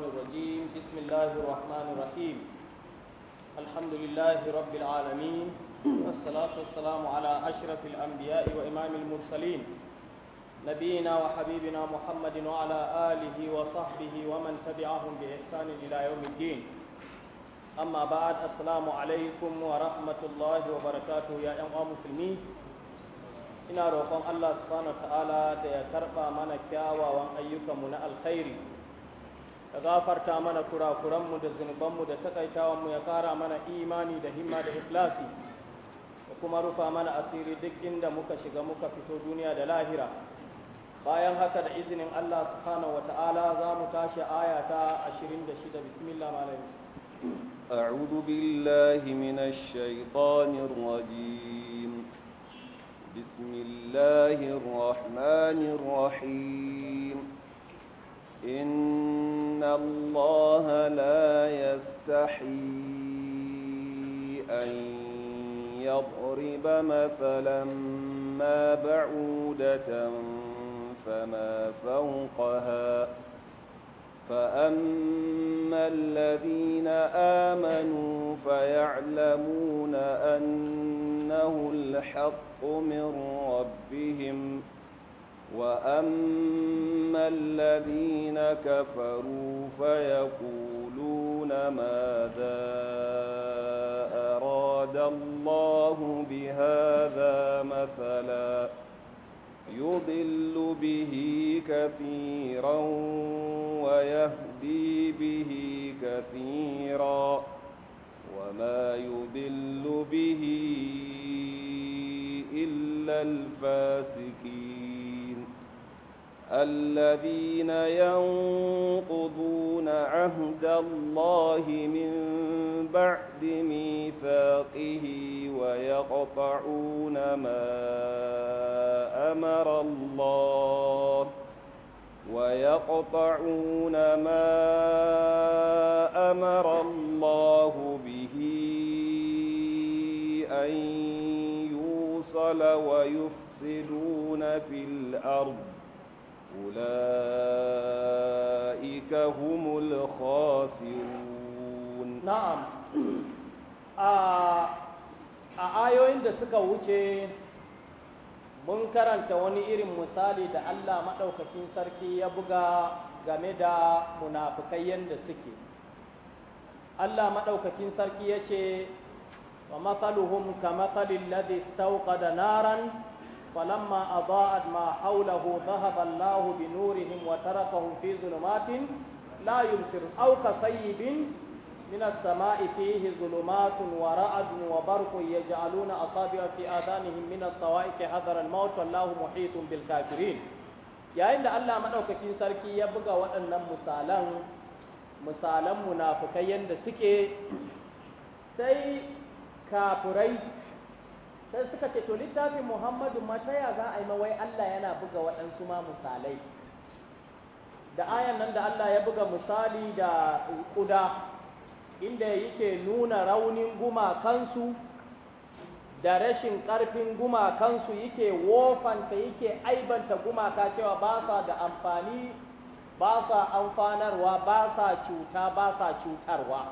الرجيم بسم الله الرحمن الرحيم الحمد لله رب العالمين والصلاة والسلام على أشرف الأنبياء وإمام المرسلين نبينا وحبيبنا محمد وعلى آله وصحبه ومن تبعهم بإحسان إلى يوم الدين أما بعد السلام عليكم ورحمة الله وبركاته يا أيها المسلمين ina roƙon الله سبحانه وتعالى ta'ala da ya وان أيكم من ayyukanmu ka gafarta mana kurakuranmu da zunubanmu da takaitawanmu ya kara mana imani da himma da ikhlasi da kuma rufa mana asiri duk inda muka shiga muka fito duniya da lahira bayan haka da izinin Allah subhanahu wata'ala za mu tashi aya ta 26 bismillah malam أعوذ بالله من الشيطان الرجيم بسم الله الرحمن الرحيم إن الله لا يستحي أن يضرب مثلا ما بعودة فما فوقها فأما الذين آمنوا فيعلمون أنه الحق من ربهم ۖ وأما الذين كفروا فيقولون ماذا أراد الله بهذا مثلا يضل به كثيرا ويهدي به كثيرا وما يضل به إلا الفاسقين الذين ينقضون عهد الله من بعد ميثاقه ويقطعون ما أمر الله ويقطعون ما أمر الله به أن يوصل ويفسدون في الأرض أولئك هم الخاسرون نعم a ayoyin da suka wuce mun karanta wani irin misali da Allah maɗaukakin sarki ya buga game da munafukai yadda suke Allah maɗaukakin sarki ya ce wa matsaluhum ka matsalin ladis tauka da naran فلما أضاءت ما حوله ذهب الله بنورهم وتركهم في ظلمات لا يبصر أو كصيب من السماء فيه ظلمات ورعد وبرق يجعلون أصابع في آذانهم من الصوائق حذر الموت والله محيط بالكافرين yayin إن Allah maɗaukakin sarki سركي يبقى وأن misalan misalan munafukai yadda suke sai sai suka ce to littafin muhammadu ma ta ya za a yi mawai Allah yana buga waɗansu ma misalai da ayan nan da Allah ya buga misali da ƙuda, inda yake nuna raunin gumakansu da rashin ƙarfin gumakansu yake wofanta yake aibanta gumaka cewa ba sa da amfani ba sa amfanarwa ba sa cuta ba sa cutarwa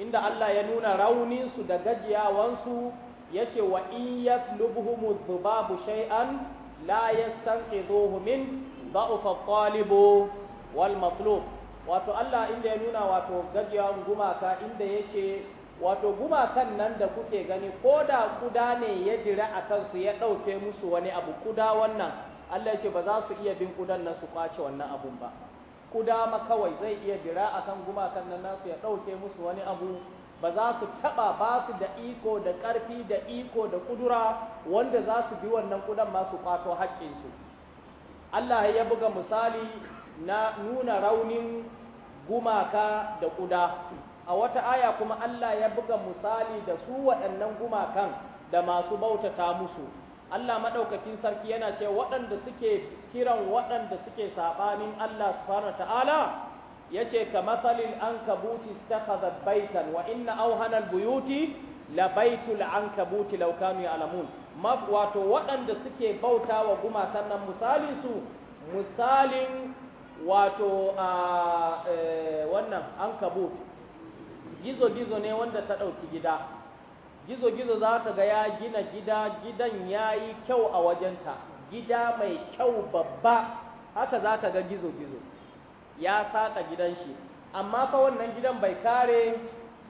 inda Allah ya nuna rauninsu da gajiyawansu yace wa in yaslubuhum dhubabu shay'an la yastanqidhuhu min da'fa talibu wal matlub wato Allah inda ya nuna wato gajiya gumaka inda yace wato gumakan nan da kuke gani ko da kuda ne ya jira a kansu ya ɗauke musu wani abu kuda wannan Allah yace ba za su iya bin kudan nan su kwace wannan abun ba kuda ma kawai zai iya jira akan gumakan nan nasu ya ɗauke musu wani abu ba za su taɓa ba su da iko da ƙarfi da iko da kudura wanda za su bi wannan ƙudan masu su kwato haƙƙinsu Allah ya buga misali na nuna raunin gumaka da ƙuda a wata aya kuma Allah ya buga misali da su waɗannan gumakan da masu bautata musu Allah maɗaukakin sarki yana ce waɗanda suke kiran waɗanda suke saɓanin Allah subhanahu ta'ala yace ka masalil ankabuti istakhadhat baitan wa inna awhana albuyuti la baitul ankabuti law kanu ya'lamun wato waɗanda suke bauta wa gumatan nan misalin su misalin wato a e, wannan ankabut gizo gizo ne wanda ta ɗauki gida gizo gizo za ta ga ya gina gida gidan ya yi kyau a wajenta gida mai kyau babba haka za ta ga gizo gizo ya saka gidan shi amma fa wannan gidan bai kare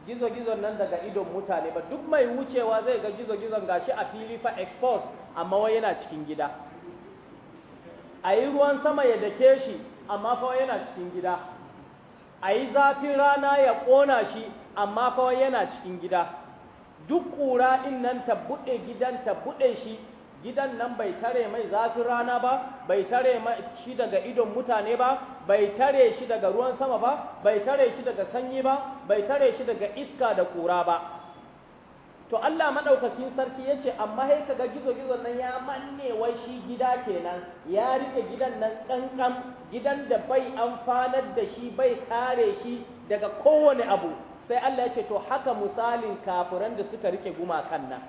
gizo-gizon nan daga idon mutane ba duk mai wucewa zai ga gizo ga shi a fili fa expose amma wai yana cikin gida a yi ruwan sama ya dake shi amma fa yana cikin gida a yi zafin rana ya ƙona shi amma fa yana cikin gida duk ƙura in nan ta buɗe gidan ta buɗe shi gidan nan bai tare mai zafin rana ba bai tare shi daga idon mutane ba bai tare shi daga ruwan sama ba bai tare shi daga sanyi ba bai tare shi daga iska da kura ba to Allah madaukakin sarki yace amma hai kaga gizo gizo nan ya manne wai shi gida kenan ya rike gidan nan kankan gidan da bai amfanar da shi bai kare shi daga kowane abu sai Allah yace to haka misalin kafiran da suka rike gumakan nan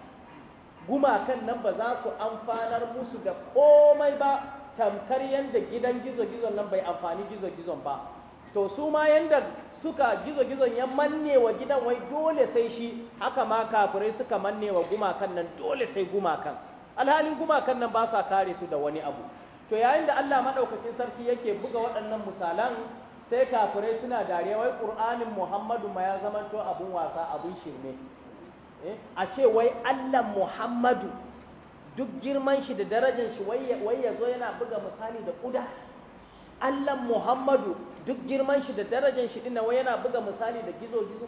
gumakan nan ba za su amfanar musu da komai ba tamkar yadda gidan gizo-gizon nan bai amfani gizo-gizon ba to su ma yadda suka gizo-gizon ya manne wa gidan wai dole sai shi haka ma kafirai suka manne wa gumakan nan dole sai gumakan alhalin gumakan nan ba sa kare su da wani abu to yayin da Allah madaukakin sarki yake buga waɗannan misalan sai kafirai suna dariya wai Qur'anin Muhammadu ma ya zamanto abun wasa abun shirme a ce wai Allah Muhammadu duk girman shi da darajar shi wai ya zo yana buga misali da ƙuda Allah Muhammadu duk girman shi da darajar shi dinna wai yana buga misali da gizo gizo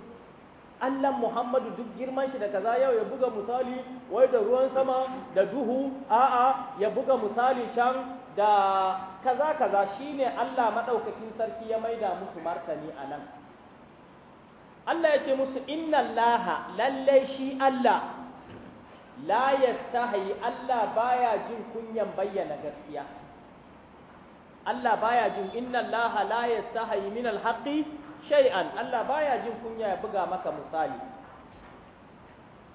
Allah Muhammadu duk girman shi da kaza yau ya buga misali wai da ruwan sama da duhu a'a ya buga misali can da kaza kaza shine Allah madaukakin sarki ya maida musu martani anan Allah ya ce musu inna laha lallai shi Allah la yastahi Allah baya jin kunyan bayyana gaskiya Allah baya jin inna laha la yastahi min alhaqi shay'an Allah baya jin kunya ya buga maka misali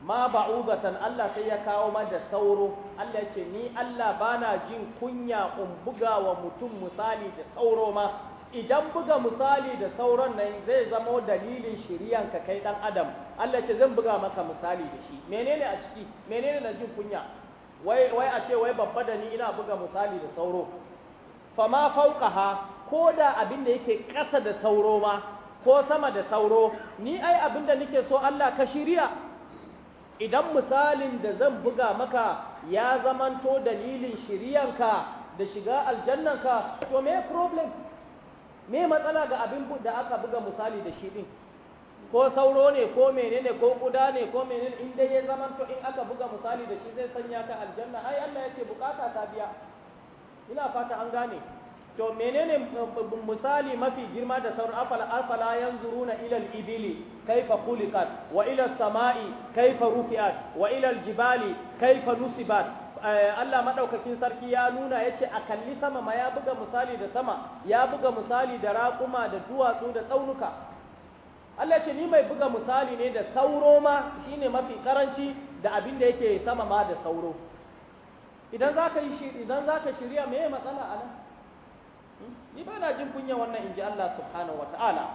ma ba'udatan Allah sai ya kawo da sauro Allah ya ce ni Allah bana jin kunya in buga wa mutum misali da sauro ma idan buga misali da sauran nan zai zama dalilin shiriyan ka kai dan adam Allah ce zan buga maka misali da shi menene a ciki menene na jin kunya wai wai a ce wai babba da ni ina buga misali da sauro Fa ma fauqaha ko da abin da yake ƙasa da sauro ma ko sama da sauro ni ai abin da nake so Allah ka shirya idan misalin da zan buga maka ya zamanto dalilin shiriyanka da shiga aljannanka to me problem me matsala ga abin da aka buga misali da shi din ko sauro ne ko menene ko kuda ne ko menene in dai ya zama to in aka buga misali da shi zai sanya ta aljanna ai Allah ya ce bukata ta biya ina fata an gane to menene eh, misali mafi girma da sauran afala afala yanzuruna ila al-ibili kaifa khuliqat wa ila as-sama'i kaifa rufi'at wa ila al-jibali kaifa nusibat Eh, Allah madaukakin sarki ya nuna yace a kalli sama ma ya buga misali da sama ya buga misali da raƙuma da duwatsu da tsaunuka Allah ce ni mai buga misali ne da sauro ma shine mafi karanci da abin da yake sama ma da sauro idan zaka yi idan zaka shirya me matsala a nan hmm? ni ba na jin kunya wannan inji Allah subhanahu wataala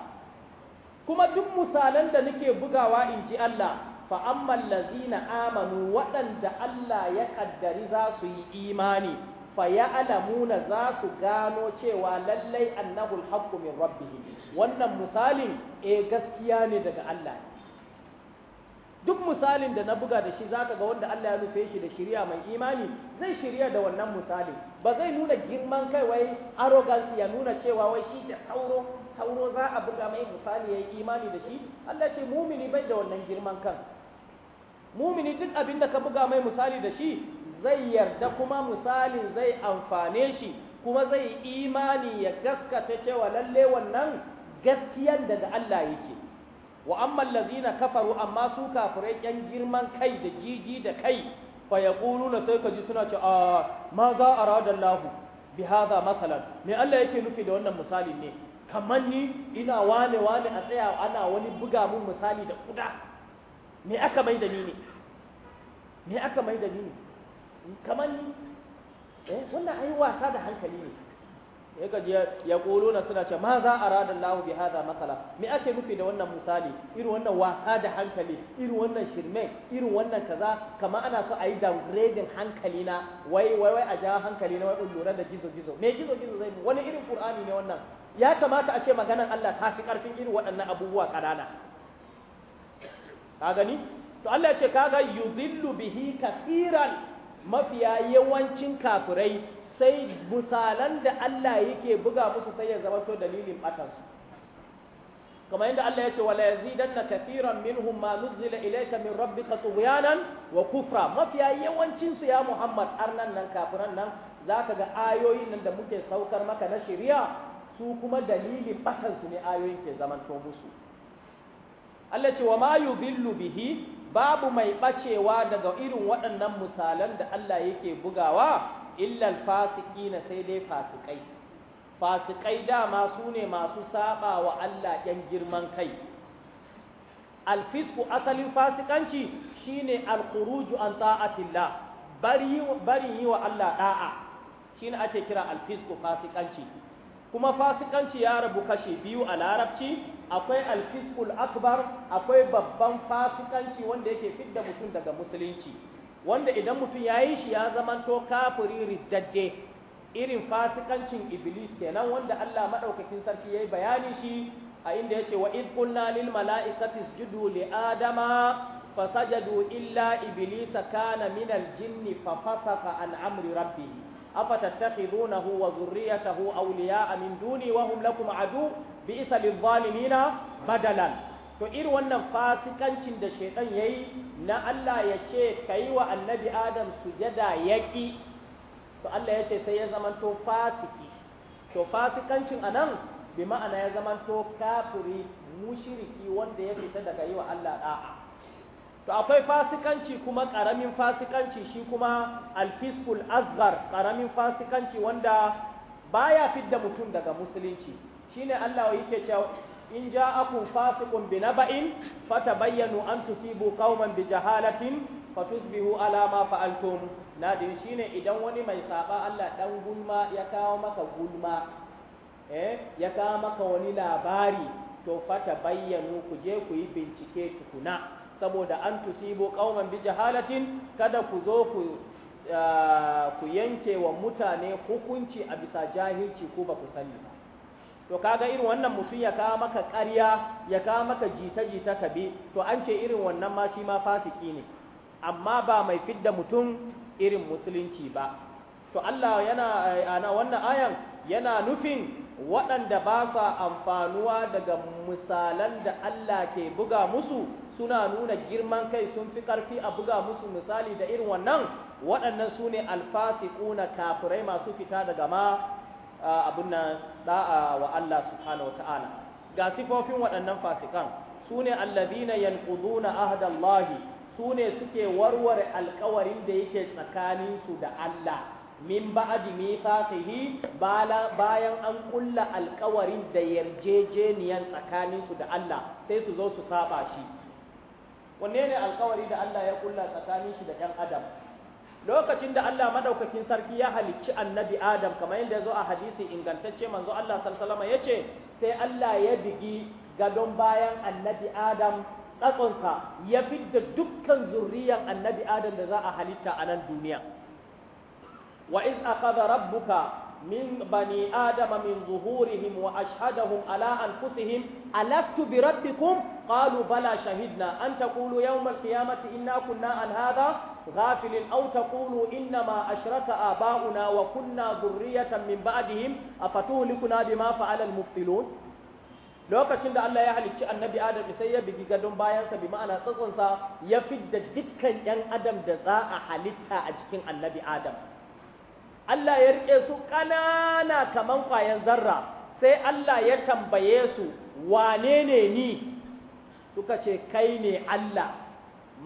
kuma duk misalan da nake bugawa inji Allah fa amma allazina amanu waɗanda Allah ya ƙaddari za su yi imani fa ya ya'lamuna za su gano cewa lallai annahu alhaqqu min rabbihi wannan misalin eh gaskiya ne daga Allah duk misalin da na buga da shi zaka ga wanda Allah ya rufe shi da shiriya mai imani zai shirya da wannan misalin ba zai nuna girman kai wai arrogance ya nuna cewa wai shi da sauro sauro za a buga mai misali yayi imani da shi Allah ce mumini bai da wannan girman kan mumini duk abin da ka buga mai misali da shi zai yarda kuma misalin zai amfane shi kuma zai imani ya gaskata cewa lalle wannan gaskiyan da da Allah yake wa amma lazina kafaru amma su kafirai yan girman kai da jiji da kai fa na sai ka ji suna ce a ma za arada Allah bi hadha masalan me Allah yake nufi da wannan misalin ne kamar ni ina wane wane a tsaya ana wani buga mun misali da kuda me aka mai da ni ne me aka mai da ni ne kamar ni eh wannan ai wasa da hankali ne ya gaji ya kolo na suna ce ma za a radar lahu bi hada matsala me ake nufi da wannan misali irin wannan wasa da hankali irin wannan shirme irin wannan kaza kamar ana so a yi downgrading hankali na wai wai wai a ja hankali na wai in lura da gizo gizo me gizo gizo zai wani irin qur'ani ne wannan ya kamata a ce maganar Allah ta fi karfin irin waɗannan abubuwa ƙanana ka gani to Allah ya ce kaga yuzillu bihi kafiran mafiya yawancin kafirai sai misalan da Allah yake buga musu sai ya zama to dalilin batansu kamar yadda Allah ya ce wala yazidanna kafiran minhum ma nuzila ilayka min rabbika tughyanan wa kufra mafiya yawancin su ya Muhammad arnan nan kafiran nan zaka ga ayoyin nan da muke saukar maka na shari'a su kuma dalilin batansu ne ayoyin ke zaman to musu Allah ce wa ma yudillu bihi babu mai bacewa daga irin waɗannan misalan da Allah yake bugawa illal fasiqina sai dai fasikai fasikai dama su ne masu saba wa Allah yan girman kai alfisku asalin fasikanci shine alkuruju an ta'atillah bari bari yi wa Allah da'a shine ake kira alfisku fasikanci kuma fasikanci ya rabu kashe biyu a larabci akwai alfiskul akbar akwai babban fasikanci wanda yake fidda mutum daga musulunci wanda idan mutum ya yi shi ya zamanto kafiri riddadde irin fasikancin iblis kenan wanda Allah madaukakin sarki yayi bayani shi a inda yace wa id qulna lil mala'ikati isjudu li adama fasajadu illa iblisa kana minal jinni fa an amri rabbih أفتتخذونه وذريته أولياء من دوني وهم لكم عدو بئس للظالمين بدلا to iri wannan fasikancin da shaitan yayi na Allah ya ce yi wa annabi Adam sujada yaƙi. to Allah ya ce sai ya zamanto fasiki to fasikancin nan bi ma'ana ya zamanto kafiri mushiriki wanda ya fita daga yi wa Allah ɗa'a. to akwai fasikanci kuma ƙaramin fasikanci shi kuma alfiskul asgar ƙaramin fasikanci wanda baya fidda mutum daga musulunci shine Allah yake cewa in ja'akum fasiqun naba'in fatabayyanu an tusibu qauman bijahalatin fatusbihu ala ma fa'altum nadin shine idan wani mai saba Allah dan gulma ya kawo maka gulma eh ya kawo maka wani labari to fatabayyanu ku je ku yi bincike tukuna saboda an tusibo kauman bi jahalatin kada ku zo ku ku yanke wa mutane hukunci a bisa jahilci ko ba ku sani ba to kaga irin wannan mutum ya kawo maka ƙarya ya kawo maka jita-jita ka bi to an ce irin wannan ma shi ma fasiki ne amma ba mai fidda mutum irin musulunci ba to Allah yana ana wannan ayan yana nufin waɗanda ba sa amfanuwa daga misalan da Allah ke buga musu suna nuna girman kai sun fi ƙarfi a buga musu misali da irin wannan waɗannan su ne alfasiƙuna kafirai masu fita daga ma abin nan da'a wa Allah subhanahu wata'ala ga sifofin waɗannan fasikan su ne allazina yanquduna ahdallahi su ne suke warware alkawarin da yake tsakaninsu da Allah min ba'di mithaqihi bayan an kulla alkawarin da yarjejeniyan tsakaninsu da Allah sai su zo su saba shi wanne ne alkawari da Allah ya kulla tsakanin shi da ɗan adam lokacin da Allah madaukakin sarki ya halicci annabi adam kamar yadda ya zo a hadisi ingantacce manzo Allah sallallahu ya ce sai Allah ya bigi gadon bayan annabi adam tsatsonsa ya fidda dukkan zurriyan annabi adam da za a halitta a nan duniya wa iz aqadha rabbuka من بني آدم من ظهورهم ala anfusihim alastu bi rabbikum قالوا بلى شهدنا أن تقولوا يوم القيامة إنا كنا عن هذا غافل أو تقولوا إنما أشرك آباؤنا وكنا ذرية من بعدهم أفتهلكنا بما فعل المبطلون lokacin da Allah ya halicci annabi Adam sai ya bugi gadon bayansa bi ma'ana tsatsonsa ya da dukkan ‘yan Adam da za a halitta a jikin annabi Adam. Allah ya rike su ƙanana kaman ƙwayan zarra sai Allah ya tambaye su wane ne ni suka ce kai ne Allah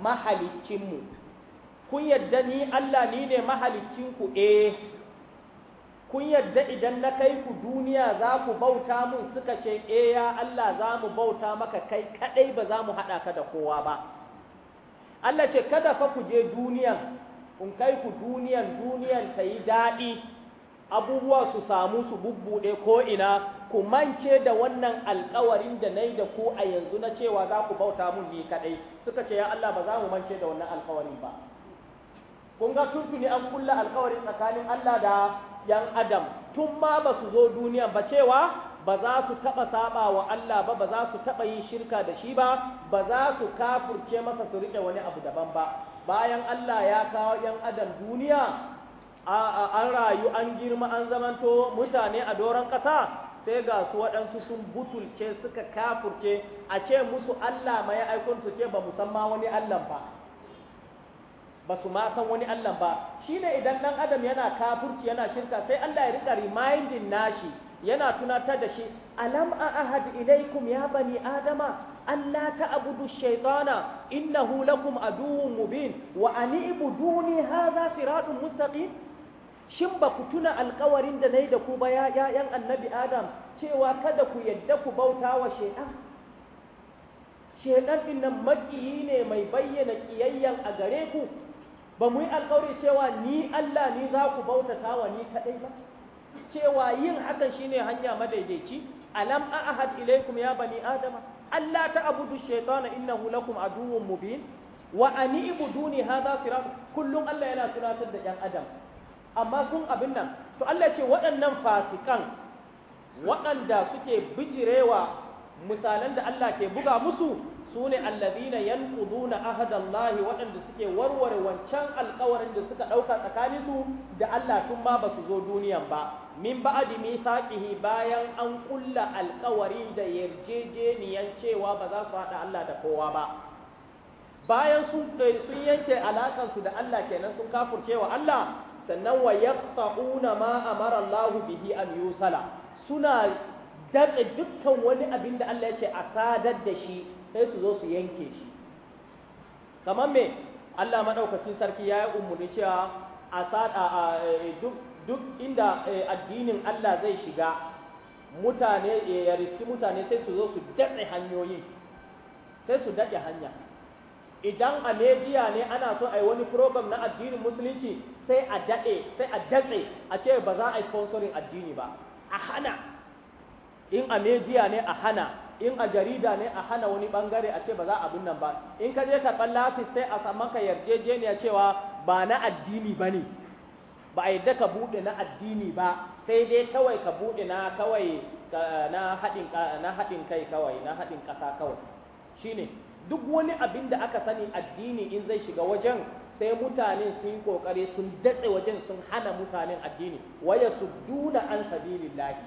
mahalicinmu kun yadda ni Allah ni ne mahalicinku eh kun yadda idan na kai ku duniya za ku bauta mun suka ce eh ya Allah za mu bauta maka kai kadai ba za mu haɗa ka da kowa ba Allah ce kada fa ku je duniyan kun kai ku duniyan duniyan ta yi daɗi abubuwa su samu su bubbuɗe ko ina ku mance da wannan alkawarin da nayi da ku a yanzu na cewa za ku bauta mun ni kadai suka ce ya Allah ba za mu mance da wannan alkawarin ba kun ga sun an kulla alkawarin tsakanin Allah da yan adam tun ma ba su zo duniya ba cewa ba za su taɓa saɓa wa Allah ba ba za su taɓa yi shirka da shi ba ba za su kafurce masa su rike wani abu daban ba bayan Allah ya kawo ‘yan adam duniya an rayu an girma an zamanto mutane a doron ƙasa sai ga su waɗansu sun butulce suka kafurce a ce musu Allah ma ya aikon su ce ba musamman wani Allah ba ba su ma san wani Allah ba shine idan dan adam yana kafurci yana shirka sai Allah ya rika reminding nashi yana tunatar da shi alam a ahad ilaikum ya bani adama Allah ta abudu shaitana innahu lakum aduwwun mubin wa an ibuduni hadha siratun mustaqim shin ba ku tuna alkawarin da na yi da ku ba ya ‘ya'yan annabi Adam cewa kada ku yadda ku bauta wa shaiɗan? Shaiɗan ɗin nan maƙiyi ne mai bayyana ƙiyayyan a gare ku, ba mu yi alkawari cewa ni Allah ni za ku bautata wa ni kaɗai ba? Cewa yin hakan shi ne hanya madaidaici, alam ahad ilaikum ya bani Adama, Allah ta abudu shaiɗana innahu lakum aduwwun mubin, wa ani ibuduni hadha sirat kullum Allah yana tunatar da ‘yan Adam. amma sun abin nan to Allah ce waɗannan fasikan waɗanda suke bijirewa misalan da Allah ke buga musu su ne allazina yanquduna ahadallahi waɗanda suke warware wancan alƙawarin da suka ɗauka tsakanin su da Allah tun ma ba su zo duniyan ba min ba'di mithaqihi bayan an kulla alƙawari da yarjejeniyan cewa ba za su haɗa Allah da kowa ba bayan sun eh, sun yanke alakan su da Allah kenan sun wa Allah sannan wa yaqta'una ma amara Allah bihi an yusala suna datse dukkan wani abin da Allah ya ce a sadar da shi sai su zo su yanke shi kamar mai Allah madaukakin sarki ya yi umarni cewa a sada e, duk duk inda e, addinin Allah zai shiga mutane e, ya riski mutane sai su zo su daɗe hanyoyi sai su daɗe hanya idan a ne ana so a yi wani program na addinin musulunci sai a daɗe sai a datse a ce ba za a yi sponsorin addini ba a hana in a media ne a hana in a jarida ne a hana wani bangare a ce ba za a abin nan ba in ka je karɓar lafis sai a saman ka yarjejeniya cewa ba na addini ba ne ba a yadda ka buɗe na addini ba sai dai kawai ka buɗe na kawai na haɗin kai kawai na haɗin ƙasa kawai shine duk wani abin da aka sani addini in zai shiga wajen sai mutane sun yi kokare sun datse wajen sun hana mutanen addini waya su duna an lahi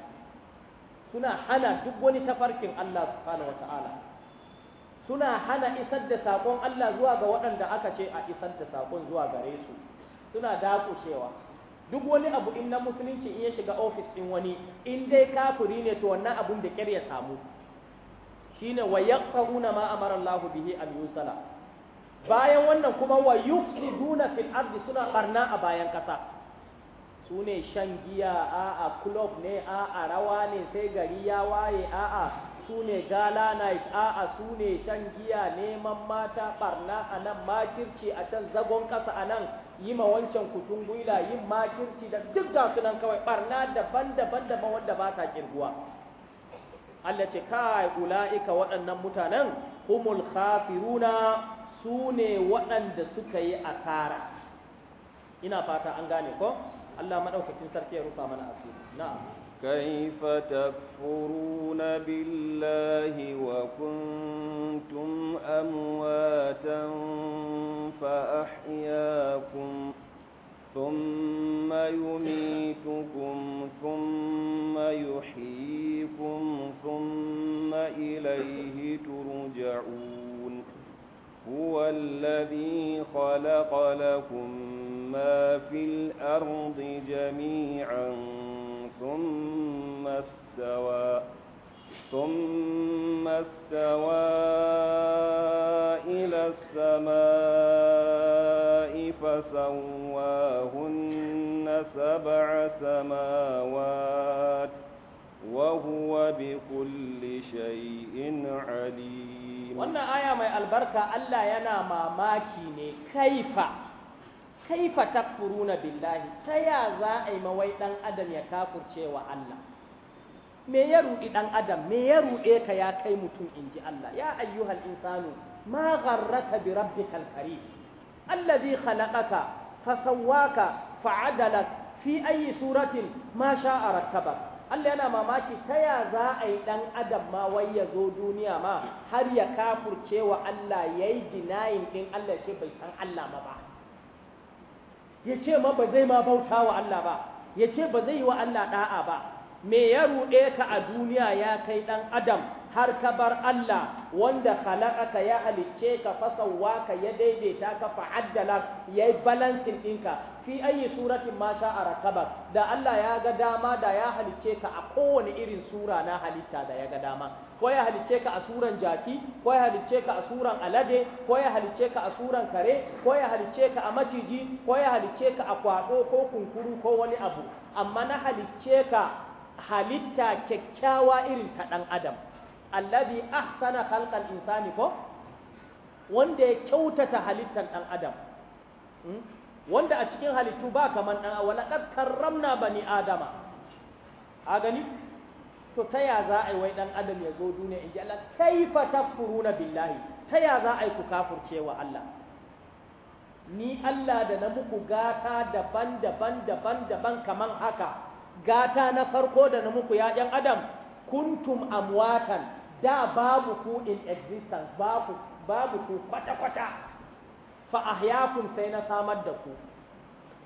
suna hana duk wani tafarkin Allah subhanahu ta'ala suna hana isar da sakon Allah zuwa ga waɗanda aka ce a isar da sakon zuwa gare su suna dakushewa duk wani abu in na musulunci in ya shiga ofis din wani in dai kafiri ne to wannan abun da kyar ya samu shine wa yaqfauna ma amara Allah bihi an yusala bayan wannan kuma wa duna fil ardi suna barna a bayan kasa Sune shan giya 'a club ne a'a rawa ne sai gari ya waye 'a su ne gala night a'a su ne shan giya neman mata barna a nan makirci a can zagon kasa a nan yi ma wancan kutun guila yin makirci da duk ga su nan kawai barna daban-daban daban wanda ba ta kirguwa Allah ce kai ula'ika waɗannan mutanen humul khafiruna su ne waɗanda suka yi asara ina fata an gane ko Allah madaukakin sarki ya rufa mana asiri na'am كيف تكفرون بالله وكنتم أمواتا فأحياكم ثم يميتكم ثم يحييكم ثم إليه ترجعون هو الذي خلق لكم ما في الأرض جميعا ثم استوى ثم استوى إلى السماء فسواهن سبع سماوات وهو بكل شيء عليم wannan aya mai albarka Allah yana mamaki ne kaifa kaifa takfuruna billahi ta ya za a yi mawai dan adam ya kafurce wa Allah me ya ruɗi dan adam me ya ruɗe ka ya kai mutum inji Allah ya ayyuhal insanu ma gharraka bi rabbikal karim allazi khalaqaka fasawwaka fa'adalak fi ayi suratin ma sha'a rakkabaka Allah yana mamaki ta ya za a yi ɗan adam ma wai ya zo duniya ma har ya kafurce wa Allah ya yi dinayin ɗin Allah ce bai san Allah ma ba ya ce ma ba zai ma bauta wa Allah ba ya ce ba zai yi wa Allah ɗa'a ba me ya ruɗe ka a duniya ya kai ɗan adam har ka bar Allah wanda khalaqaka ya halicce ka ka ya daidaita ka fa'addala yayi balancing ɗinka fi ayi suratin ma a rakabar da Allah ya ga dama da ya halicce ka a kowane irin sura na halitta da ya ga dama ko ya halicce ka a suran jaki ko ya halicce ka a suran alade ko ya halicce ka a suran kare ko ya halicce ka a maciji ko ya halicce ka a kwado ko kunkuru ko wani abu amma na halicce ka halitta kyakkyawa irin ta ɗan adam allazi ahsana khalqal insani ko wanda ya kyautata halittar dan adam hmm? wanda a cikin halittu ba kaman dan wala qad karramna bani adama a gani to taya ya za a yi wai dan adam ya zo duniya in ji Allah kaifa takfuruna billahi Taya za a yi ku kafurce wa Allah ni Allah da na muku gata daban-daban daban-daban kaman haka gata na farko da na muku ya adam kuntum amwatan da babu ku in existence babu babu ku kwata-kwata fa ahyakum sai na samar da ku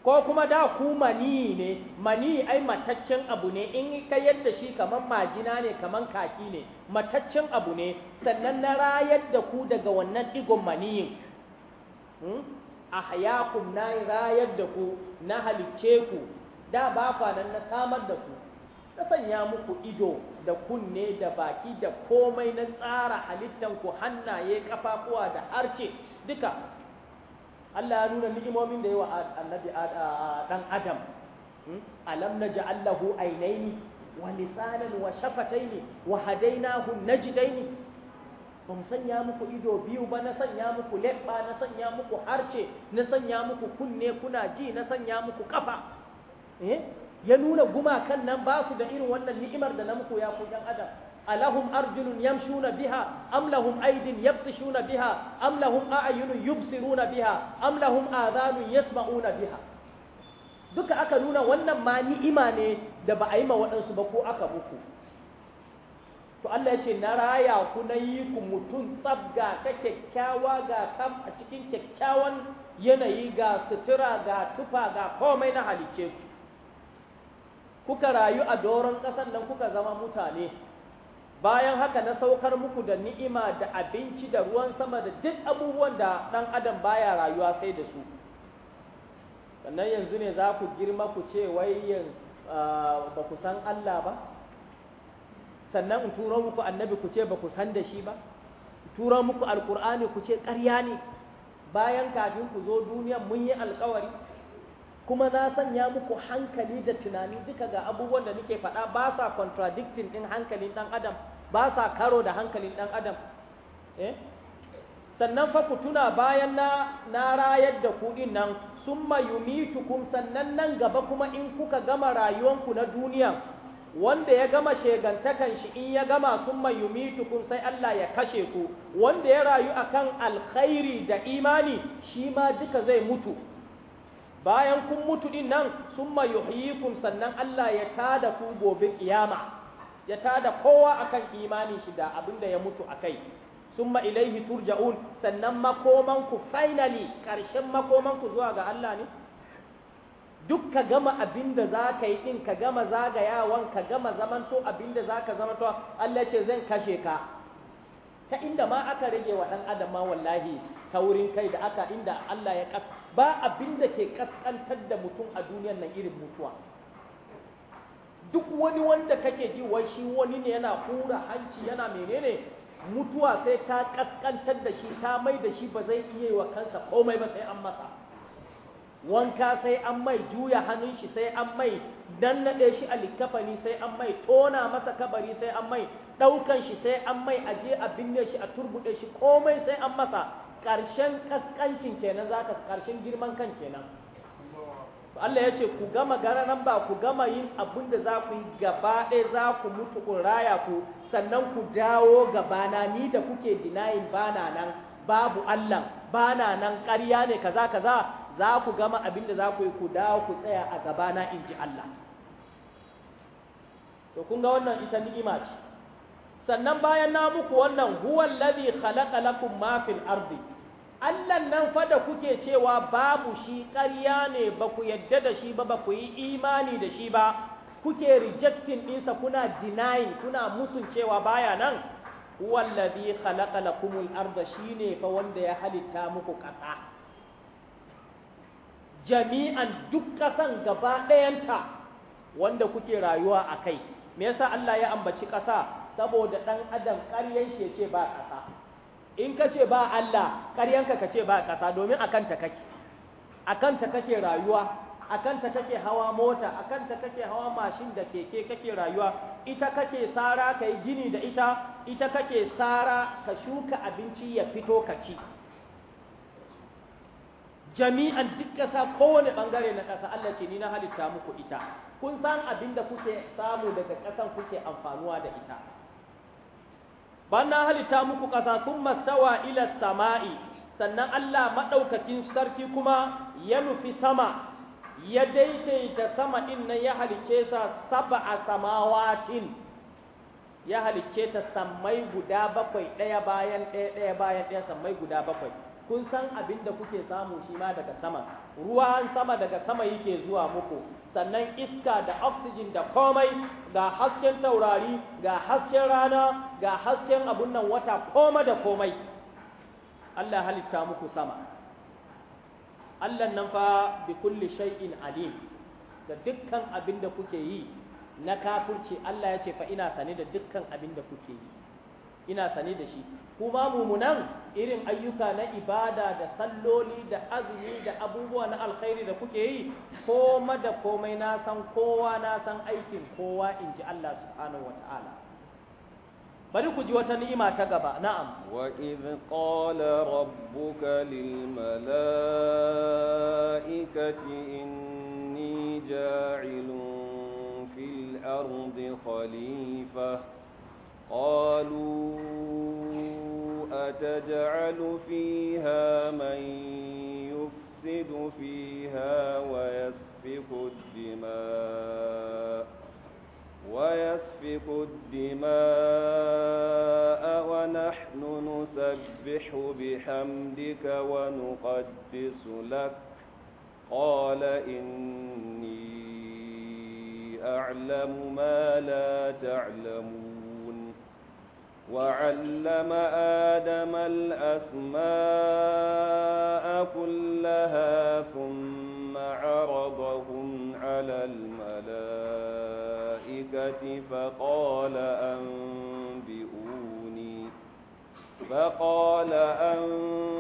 ko kuma da ku mani ne mani ai mataccen abu ne in ka yadda shi kaman majina ne kaman kaki ne mataccen abu ne sannan na rayar da ku daga wannan digon maniyin hmm? ahyakum na rayar da ku na halicce ku da ba nan na samar da ku na sanya muku ido da kunne da baki da komai na tsara ku hannaye kafafuwa da harce duka Allah ya nuna ni'imomin da yawa annabi dan adam hmm? alam naj'al lahu aynaini wa lisanan wa shafataini wa hadainahu najdaini ba sanya muku ido biyu ba na sanya muku leɓɓa na sanya muku harce na sanya muku kunne kuna ji na sanya muku kafa eh ya nuna gumakan nan ba su da irin wannan ni'imar da na muku ya ku dan adam alahum arjulun yamshuna biha am lahum aydin yabtishuna biha am lahum a'yunun yubsiruna biha am lahum adhanun yasma'una biha duka aka nuna wannan ma ni'ima ne da ba a yi ma waɗansu ba ko aka muku to Allah ya ce na raya ku na yi ku mutum tsab ga ta kyakkyawa ga kam a cikin kyakkyawan yanayi ga sutura ga tufa ga komai na halice ku kuka rayu a doron ƙasar nan kuka zama mutane bayan haka na saukar muku da ni'ima da abinci da ruwan sama da duk abubuwan da ɗan adam baya rayuwa sai da su sannan yanzu ne za ku girma ku ce wai ba ku san Allah ba sannan in turo muku annabi ku ce ba ku san da shi ba turo muku alkur'ani ku ce ƙarya ne bayan kafin ku zo duniya mun yi alkawari kuma na sanya muku hankali da tunani duka ga abubuwan da nake faɗa ba sa contradicting ɗin hankalin ɗan adam ba sa karo da hankalin ɗan adam eh? sannan fa ku tuna bayan na, na rayar da ku ɗin nan sun yumitukum sannan nan gaba kuma in kuka gama rayuwanku na duniya wanda ya gama shegantakan shi in ya gama sun yumitukum sai Allah ya kashe ku wanda ya rayu akan alkhairi da imani shi ma duka zai mutu bayan kun mutu din nan summa yuhyikum sannan Allah ya tada ku gobe kiyama ya tada kowa akan imanin shi da abinda ya mutu akai summa ilaihi turja'un sannan makoman ku finally karshen makomanku zuwa ga Allah ne duk ka gama abin da za ka yi ɗin ka gama zagayawan ka gama zamanto abin da za ka zamanto Allah ce zan kashe ka ta inda ma aka rage wa ɗan adam ma wallahi wurin kai da aka inda Allah ya ba abin da ke kaskantar da mutum a duniyar nan irin mutuwa duk wani wanda kake ji wai shi wani ne yana hura hanci yana menene mutuwa sai ta kaskantar da shi ta mai da shi ba zai iya yi wa kansa komai ba sai an masa wanka sai an mai juya hannun shi sai an mai dannaɗe shi a likafani sai an mai tona masa kabari sai an mai ɗaukan shi sai an mai aje a binne shi a turbuɗe shi komai sai an masa Karshen ƙasƙancin kenan za ka ƙarshen girman kan kenan Allah ya ce ku gama garanan ba ku gama yin abin da za ku yi gaba ɗaya za ku mutu ku raya ku sannan ku dawo gabana ni da kuke dinayin bana nan babu Allah bana nan ƙarya ne kaza kaza za ku gama abin da za ku yi ku dawo ku tsaya a gabana in ji Allah to kun ga wannan ita ni'ima ce sannan bayan na muku wannan huwa alladhi khalaqa lakum ma fil ardi Allah nan fa da kuke cewa babu shi ƙarya ne ba ku yadda da shi ba ba ku yi imani da shi ba kuke rejectin ɗinsa kuna denying kuna musun cewa baya nan wallazi khalaqa lakumul arda shine fa wanda ya halitta muku ƙasa jami'an duk ƙasan gaba ɗayanta wanda kuke rayuwa a kai me yasa Allah ya ambaci ƙasa saboda ɗan adam ƙaryan shi ce ba ƙasa in ka ce ba Allah ƙaryanka ka ce ba ƙasa domin a kanta kake a kanta kake rayuwa a kanta kake hawa mota a kanta kake hawa mashin da keke kake rayuwa ita kake tsara ka yi gini da ita ita kake tsara ka shuka abinci ya fito ka ci jami'an duk ƙasa kowane ɓangare na ƙasa Allah ce ni na halitta muku ita kun san abin da kuke samu daga ƙasan kuke amfanuwa da ita banna halitta muku ƙasa sun mastawa ila sama'i sannan Allah maɗaukakin sarki kuma ya nufi sama ya daidaita sama ɗin nan ya halice sa saba a samawatin ya halicce ta sammai guda bakwai ɗaya bayan ɗaya ɗaya bayan ɗaya sammai guda bakwai kun san abin da kuke samu shi ma daga sama ruwan sama daga sama yake zuwa muku sannan iska da oxygen da komai ga hasken taurari ga hasken rana ga hasken abun nan wata koma da komai Allah halitta muku sama Allah nan fa bi kulli shay'in alim da dukkan abin da kuke yi na kafirci Allah ya ce fa ina sane da dukkan abin da kuke yi ina sane da shi kuma mumunan irin ayyuka na ibada da salloli da azumi da abubuwa na alkhairi da kuke yi koma da komai na san kowa na san aikin kowa in ji Allah subhanahu wataala bari ku ji wata ni'ima ta gaba na'am wa idh qala rabbuka lil تجعل فيها من يفسد فيها ويسفك الدماء ويسفك الدماء ونحن نسبح بحمدك ونقدس لك قال إني أعلم ما لا تعلم وعلم آدم الأسماء كلها ثم عرضهم على الملائكة فقال أنبئوني فقال أنبئوني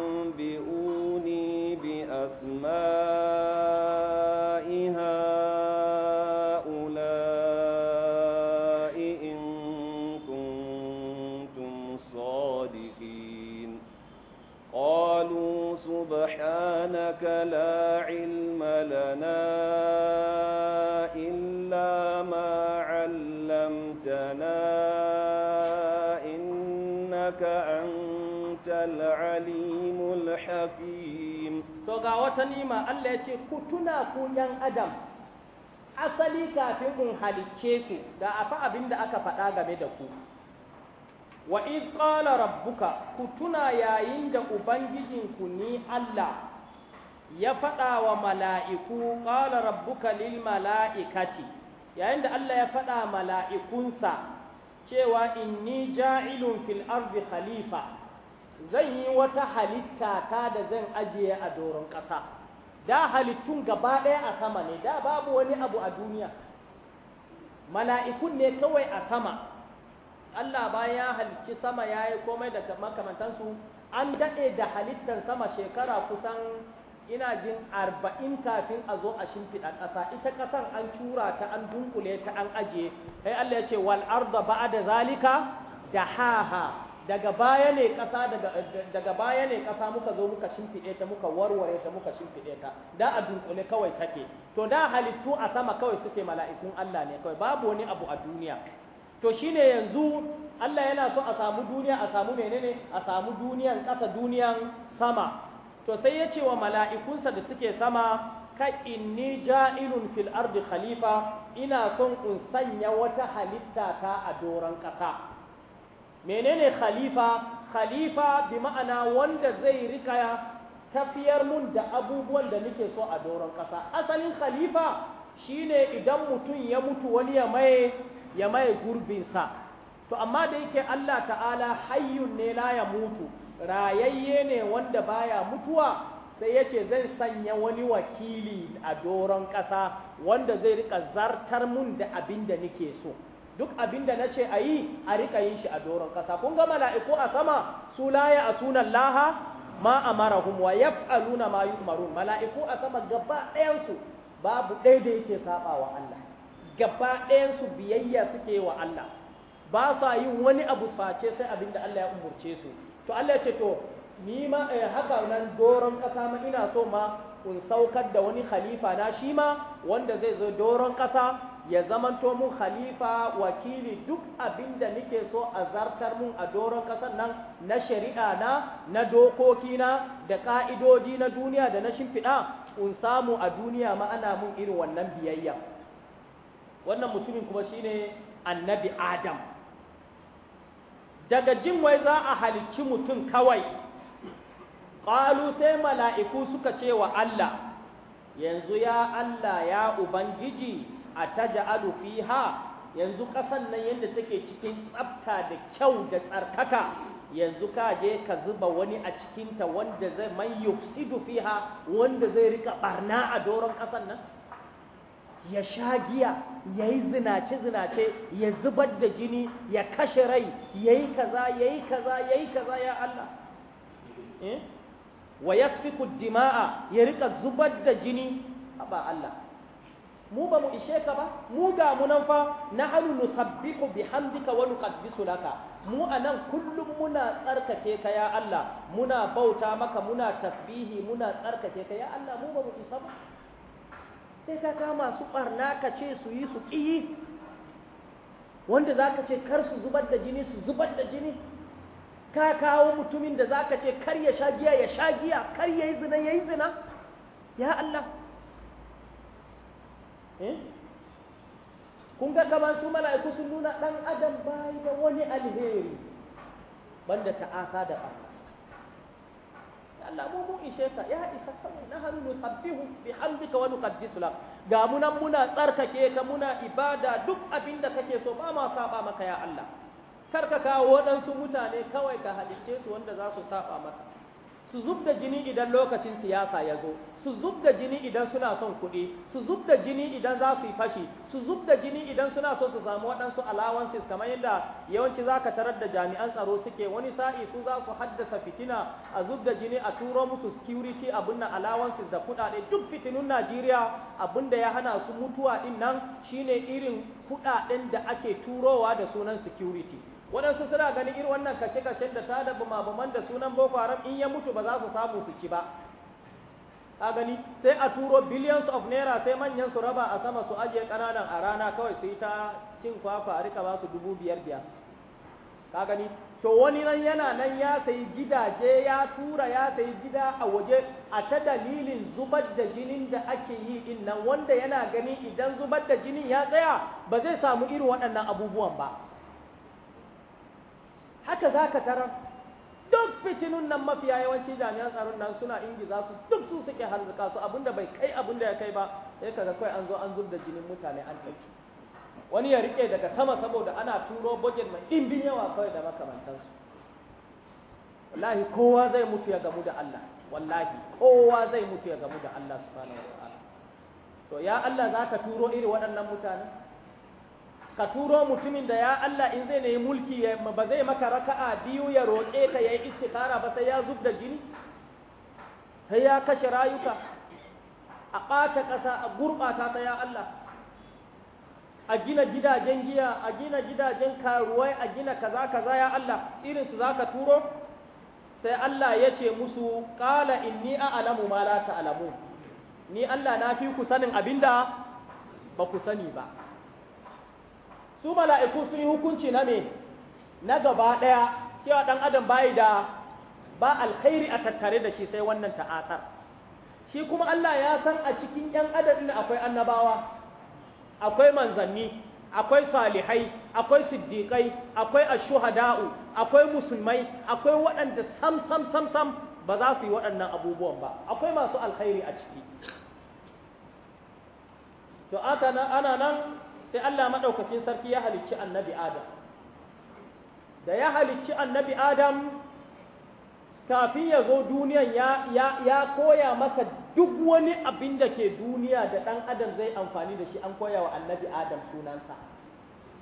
wata nima Allah ya ce ku tuna ku ‘yan adam asali kafin in halicce su da afa abin da aka faɗa game da ku wa iz qala rabbuka ku tuna yayin da ubangijinku ni Allah ya faɗa wa mala'iku qala rabbuka lil mala'ikati yayin da Allah ya faɗa mala'ikunsa cewa inni ja'ilun fil ardi khalifa zan yi wata halitta ta da zan ajiye a doron ƙasa da halittun gaba ɗaya a sama ne da babu wani abu a duniya mala'ikun ne kawai a sama Allah ba ya halicci sama ya yi komai da makamantansu an daɗe da halittar sama shekara kusan ina jin arba'in kafin a zo a shimfiɗa ƙasa ita ƙasan an cura ta an dunkule ta an ajiye sai Allah ya ce wal arda da zalika da haha daga baya ne ƙasa daga baya ne kasa muka zo muka shimfiɗe ta muka warware ta muka shimfiɗe ta da a dunkule kawai take to da halittu a sama kawai suke mala'ikun Allah ne kawai babu wani abu a duniya to shine yanzu Allah yana so a samu duniya a samu menene a samu duniyan ƙasa duniyan sama to sai ya ce wa mala'ikunsa da suke sama ka inni ja'ilun fil ardi khalifa ina son in sanya wata halitta ta a doron ƙasa menene khalifa khalifa bi ma'ana wanda zai rika tafiyar mun da abubuwan da nake so a doron ƙasa asalin khalifa shine idan mutum ya mutu wani ya maye ya maye gurbinsa to amma da yake Allah ta'ala hayyun ne la ya mutu rayayye ne wanda baya mutuwa sai yace zai sanya wani wakili a doron ƙasa wanda zai rika zartar mun da abin da nake so duk abinda da nace a yi a rika yin shi a doron kasa kun ga mala'iku a sama su laya a sunan laha ma amarahum wa yaf'aluna ma yu'marun mala'iku a sama gaba ɗayan su babu ɗaya da yake saba wa Allah gaba ɗayan su biyayya suke wa Allah ba sa yin wani abu face sai abinda Allah ya umurce su to Allah ya ce to ni ma eh, haka nan doron ƙasa ma ina so ma in saukar da wani khalifa na shi ma wanda zai zo doron ƙasa ya zamanto mun khalifa wakili duk abin da nake so a zartar mun a doron ƙasar nan na shari'a na na dokokina da ƙa'idodi na duniya da na shimfiɗa un samu a duniya ma ana mun irin wannan biyayya wannan mutumin kuma shine annabi adam daga jin wai za a halicci mutum kawai ƙalu sai mala'iku suka ce wa Allah yanzu ya Allah ya Ubangiji a taja fi fiha yanzu ƙasan nan yadda take cikin tsafta da kyau da tsarkaka yanzu ka je ka zuba wani a cikinta wanda zai man yufsidu fiha wanda zai rika barna a doron ƙasan nan ya sha giya ya yi zinace-zinace ya zubar da jini ya kashe rai ya yi kaza ya yi kaza ya yi kaza ya Allah eh? wa yasfiku dima'a ya rika zubar da jini a ba Allah mu ba mu ishe ka ba mu ga mu nan fa na hanu nusabbihu bihamdika wa nuqaddisu laka mu anan kullum muna tsarkake ka ya Allah muna bauta maka muna tasbihi muna tsarkake ka ya Allah mu ba mu isa ba sai ka kama su barna ka ce su yi su kiyi wanda zaka ce kar su zubar da jini su zubar da jini ka kawo mutumin da zaka ce kar ya sha giya ya sha giya kar ya yi zina ya yi zina ya Allah Eh? kun ga kamar su mala'iku sun nuna ɗan adam bai da wani alheri banda ta'asa da Ya Allah mu mu ishe ka ya isa kawai na haru sabbihu bi hamdika wa nuqaddisu lak ga munan nan muna tsarkake ka muna ibada duk abin da kake so ba ma saba maka ya Allah kar ka kawo waɗansu mutane kawai ka halicce su wanda za su saba maka su zub da jini idan lokacin siyasa ya zo su zub da jini idan suna son kuɗi su zub da jini idan za su yi fashi su zub da jini idan suna son su samu waɗansu allowances kamar yadda yawanci za ka tarar da jami'an tsaro suke wani sa'i su za su haddasa fitina a zub da jini a turo musu security abin na allowances da kuɗaɗe duk fitinun najeriya abin da ya hana su mutuwa ɗin nan shine irin kuɗaɗen da ake turowa da sunan security waɗansu suna ganin irin wannan kashe-kashen da ta da mabaman da sunan boko haram in ya mutu ba za su samu su ci ba a gani sai a turo billions of naira sai manyan su raba a sama su ajiye ƙananan a rana kawai su yi ta cin kwakwa a rika ba su dubu biyar biyar ka gani to wani nan yana nan ya sayi gidaje ya tura ya sayi gida a waje a ta dalilin zubar da jinin da ake yi in nan wanda yana gani idan zubar da jinin ya tsaya ba zai samu irin waɗannan abubuwan ba haka za ka tarar duk fitinun nan mafiya yawanci jami'an tsaron nan suna za su duk su suke harzuka su abinda bai kai abinda ya kai ba sai kaga kai an zo an zub da jinin mutane an ɗauki wani ya rike daga sama saboda ana turo budget mai ɗimbin yawa kawai da makamantansu wallahi kowa zai mutu ya gamu da Allah wallahi kowa zai mutu ya gamu da Allah subhanahu wa ta'ala to ya Allah zaka turo iri waɗannan mutane ka turo mutumin da ya Allah in zai nemi mulki ba zai maka raka'a biyu ya roƙe ka ya yi istikara ba sai ya zub da jini sai ya kashe rayuka a ɓata ƙasa a gurɓata ta ya Allah a gina gidajen giya a gina gidajen karuwai a gina kaza kaza ya Allah irin su zaka turo sai Allah ya ce musu qala inni a'lamu ma la ta'lamun ni Allah na fi ku sanin abinda ba ku sani ba su mala'iku sun yi hukunci na me na gaba ɗaya cewa ɗan adam bayi da ba alkhairi a tattare da shi sai wannan ta'atar shi kuma Allah ya san a cikin ‘yan adadin akwai annabawa akwai manzanni akwai salihai akwai siddiƙai akwai ashuhada'u akwai musulmai akwai waɗanda sam sam sam sam ba za su yi waɗannan abubuwan ba akwai masu alkhairi a ciki to ana nan sai Allah maɗaukakin sarki ya halicci annabi Adam da ya halicci annabi Adam kafin ya zo duniyan ya, ya, koya masa duk wani abin da ke duniya da ɗan adam zai amfani da shi an koya wa annabi Adam sunansa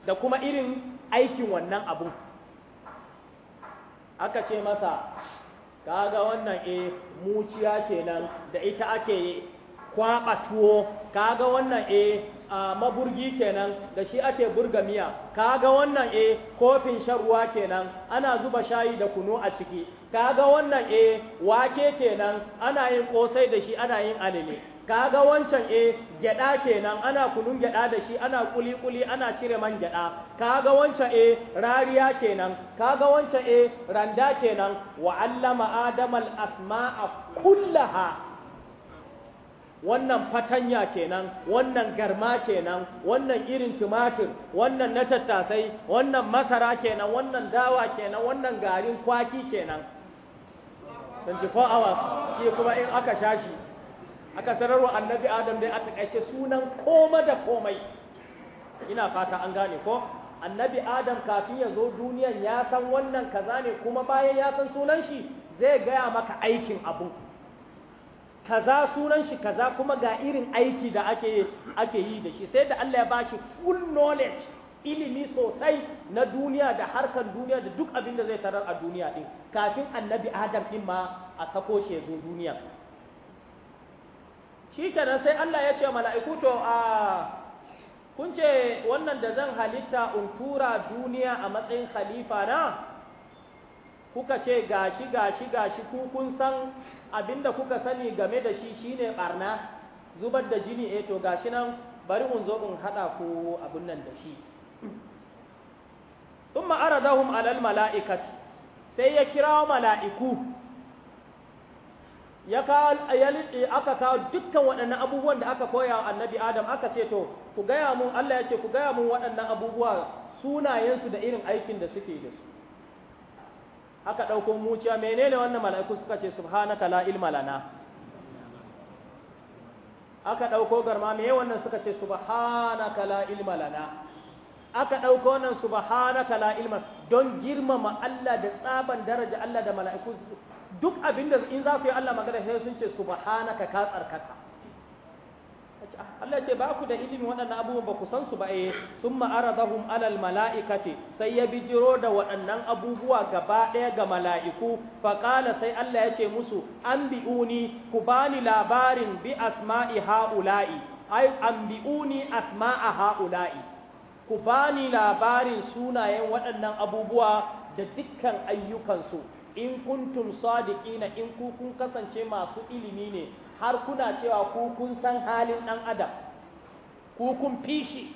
da kuma irin aikin wannan abun aka ce masa kaga wannan e muciya kenan da ita ake kwaɓa tuwo kaga wannan e a maburgi kenan da shi ake burga miya kaga wannan e kofin shan ruwa kenan ana zuba shayi da kunu a ciki kaga wannan eh wake kenan ana yin kosai da shi ana yin alele kaga wancan e eh, gyada kenan ana kunun gyada da shi ana kuli kuli ana cire man gyada kaga wancan eh rariya kenan kaga wancan e randa kenan wa allama adamal asma'a kullaha wannan fatanya kenan wannan garma kenan wannan irin tumatir wannan na tattasai wannan masara kenan wannan dawa kenan wannan garin kwaki kenan 24 hours shi kuma in aka shashi aka sararwa annabi adam dai aka kaice sunan koma da komai ina fata an gane ko annabi adam kafin ya zo duniyan ya san wannan kaza ne kuma bayan ya san sunan shi zai gaya maka aikin abu kaza sunan shi kaza kuma ga irin aiki da ake ake yi da shi sai da Allah ya bashi full knowledge ilimi sosai na duniya da harkar duniya da duk abin da zai tarar a duniya din kafin annabi Adam din ma a sako shi zo duniya shi kenan sai Allah ya ce mala'iku to a kun ce wannan da zan halitta in duniya a matsayin khalifa na kuka ce gashi gashi gashi ku kun san Abin da kuka sani game da shi shine barna zubar da jini eh to gashi nan bari in zo in hada ku abun nan da shi thumma aradahum alal mala'ikati sai ya kirawo mala'iku ya aka kawo dukkan waɗannan abubuwan da aka koya wa annabi adam aka ce to ku gaya mun Allah ya ce ku gaya mun waɗannan abubuwa sunayensu da irin aikin da suke da su aka ɗauko muciya menene wannan mala'iku suka ce subhanaka la ilma lana aka ɗauko garma me wannan suka ce subhanaka la ilma lana aka ɗauko wannan subhanaka la ilma don girmama Allah da tsaban daraja Allah da mala'iku duk abinda in za su yi Allah magana sai sun ce subhanaka ka tsarkaka Ah, Allah ce ba ku da ilimi waɗannan abubuwan ba ku san su ba eh sun ma'aradahum alal mala'ikati sai ya bijiro da waɗannan abubuwa gaba ɗaya ga mala'iku faƙala sai Allah ya ce musu an bi'uni ku bani labarin bi asma'i ha'ula'i ai an bi'uni asma'a ha'ula'i ku bani labarin sunayen waɗannan abubuwa da dukkan ayyukansu in kuntum sadiqina in ku kun kasance masu ilimi ne har kuna cewa ku kun san halin ɗan adam ku kun fishi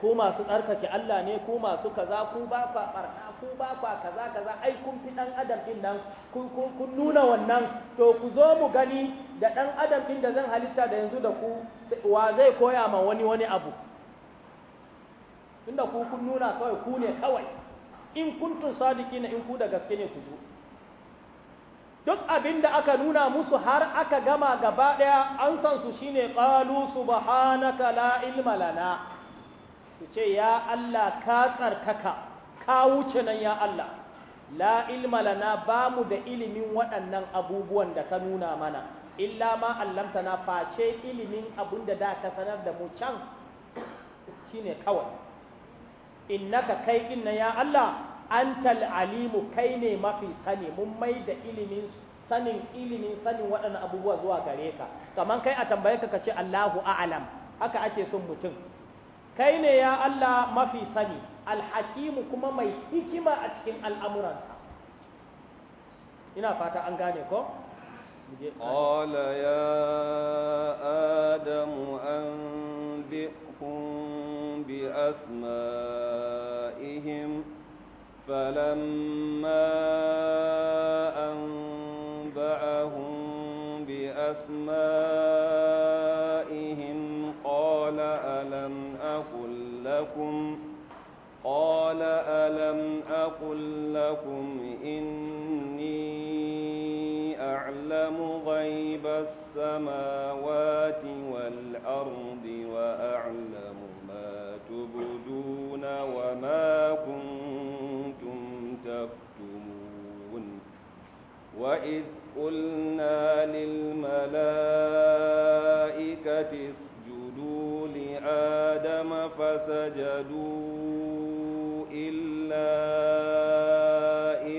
ku masu tsarkake Allah ne ku masu kaza ku ba kwa barna ku ba kwa kaza kaza ai kun fi ɗan adam ɗin nan kun nuna wannan to ku zo mu gani da ɗan adam ɗin da zan halitta da yanzu da ku wa zai koya ma wani wani abu tunda ku kun nuna kawai ku ne kawai in kuntun sadiki na in ku da gaske ne ku zo duk abin da aka nuna musu har aka gama gaba ɗaya an san su shine qalu subhanaka la ilma lana su ce ya Allah ka tsarkaka ka wuce nan ya Allah la ilma lana ba mu da ilimin waɗannan abubuwan da ka nuna mana illa ma allamta na face ilimin abun da da ka sanar da mu can shine kawai innaka kai inna ya Allah antal alimu kai ne mafi sani mun mai da ilimin sanin ilimin sanin waɗannan abubuwa zuwa gare ka kamar kai a tambaye ka kace Allahu a'lam haka ake son mutum kai ne ya Allah mafi sani alhakimu kuma mai hikima a cikin al'amuransa ina fata an gane ko قال يا آدم أنبئهم بأسمائهم فلما أنبأهم بأسمائهم قال ألم أقل لكم قال ألم أقل لكم إني أعلم غيب السماوات والأرض وأعلم ما تبدون وما كنتم وإذ قلنا للملائكة اسجدوا لآدم فسجدوا إلا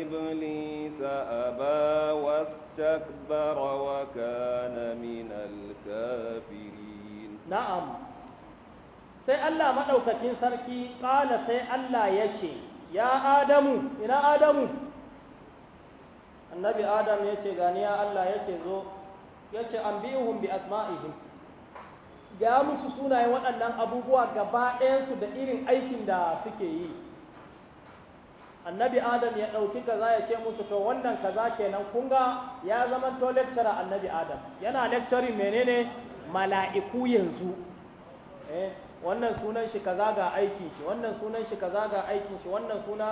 إبليس أبى واستكبر وكان من الكافرين نعم sai الله maɗaukakin sarki سركي قال Allah ya ce يا آدم ina آدم annabi adam ya ce ganiya Allah ya ce zo ya ce an bihun bi asma'ihim ya musu sunayen waɗannan abubuwa gaba ɗayansu da irin aikin da suke yi annabi adam ya ɗauki kaza ya ce musu to wannan kaza kenan kun ga ya zama to lecturer annabi adam yana lecturing menene mala'iku yanzu eh wannan sunan shi kaza ga aikin shi wannan sunan shi kaza ga aikin shi wannan suna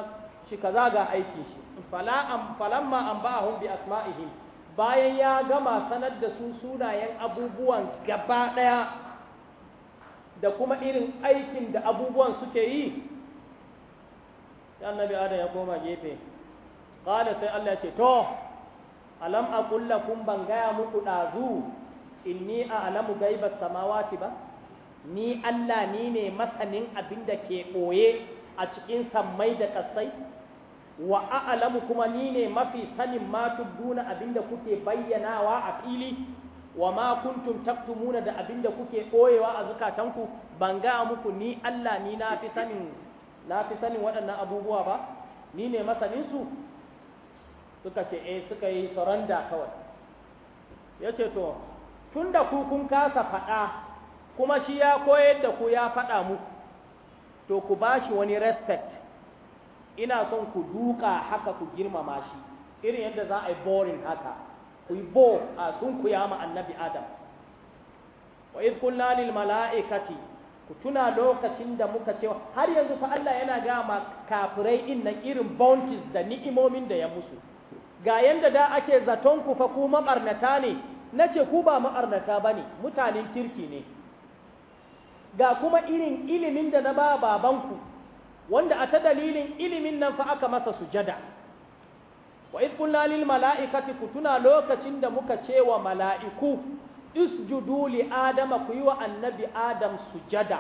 shi kaza ga aikin shi fala falamma an ba'ahum bi asma'ihim bayan ya gama sanar da su sunayen abubuwan gaba daya da kuma irin aikin da abubuwan suke yi annabi adam ya koma gefe qala sai Allah ya ce to alam aqul lakum ban gaya muku dazu inni a'lamu ghaibas samawati ba ni Allah ni ne masanin abin da ke ɓoye a cikin sammai da ƙasai? wa a'lamu kuma ni ne mafi sanin ma tubduna abinda kuke bayyanawa a fili wa ma kuntum taktumuna da abinda kuke koyewa a zukatanku ban ga muku ni Allah ni na fi sanin na fi sanin waɗannan abubuwa ba ni ne masanin su suka ce eh suka yi saranda kawai yace to tunda ku kun kasa faɗa kuma shi ya koyar da ku ya faɗa mu, to ku bashi wani respect ina son ku duka haka ku girmama shi irin yadda za a yi borin haka ku yi bo a sun ku yama annabi adam wa iz qulna lil mala'ikati ku tuna lokacin da muka ce har yanzu fa Allah yana ga ma kafirai din nan irin bounties da ni'imomin da ya musu ga yanda da ake zaton ku fa ku mabarnata ne nace ku ba mabarnata bane mutanen kirki ne ga kuma irin ilimin da na ba babanku wanda a ta dalilin ilimin nan fa aka masa sujada wa idh qulna lil mala'ikati kutuna lokacin da muka cewa mala'iku isjudu li adama ku yi wa annabi adam sujada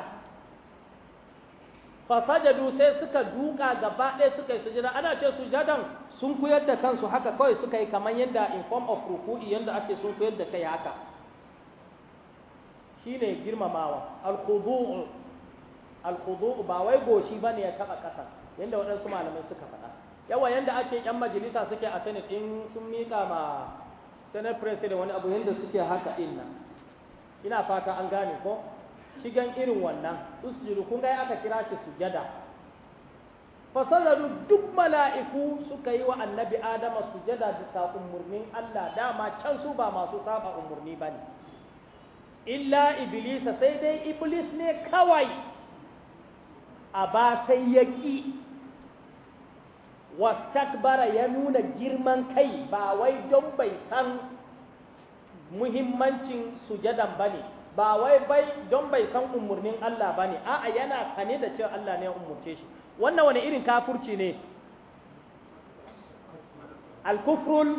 fa sajadu sai suka duka gaba ɗaya suka yi sujada ana ce sujadan sun kuyar da kansu haka kawai suka yi kamar yadda in form of ruku'i yadda ake sun kuyar da kai haka shine girmamawa al-khudu' alkhudu ba wai goshi bane ya taba kasa yanda waɗansu malamai suka faɗa yawa yanda ake ƴan majalisa suke a sanin in sun mika ma senate president wani abu yanda suke haka din nan ina fata an gane ko shigan irin wannan usjudu kun ga aka kira shi sujada fasallaru duk mala'iku suka yi wa annabi adama sujada bisa umurnin Allah dama can su ba masu saba umurni bane illa iblisa sai dai iblis ne kawai aba sai ya ƙi wastakbara ya nuna girman kai ba wai don bai san muhimmancin sujadan ba ne ba wai bai don bai san umarnin Allah ba ne a'a yana kane da cewa Allah ne ya umurce shi wannan wani irin kafurci ne alkufrul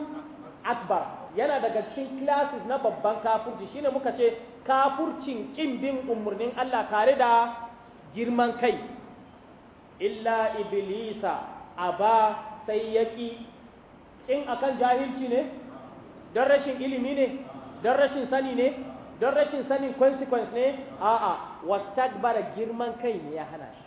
akbar yana daga cikin classes na babban kafurci shine muka ce kafurcin kin umarnin Allah tare da girman kai illa iblisa aba sai yaki in akan jahilci ne don rashin ilimi ne don rashin sani ne don rashin sanin consequence ne a'a wastadbara girman kai ne ya hana shi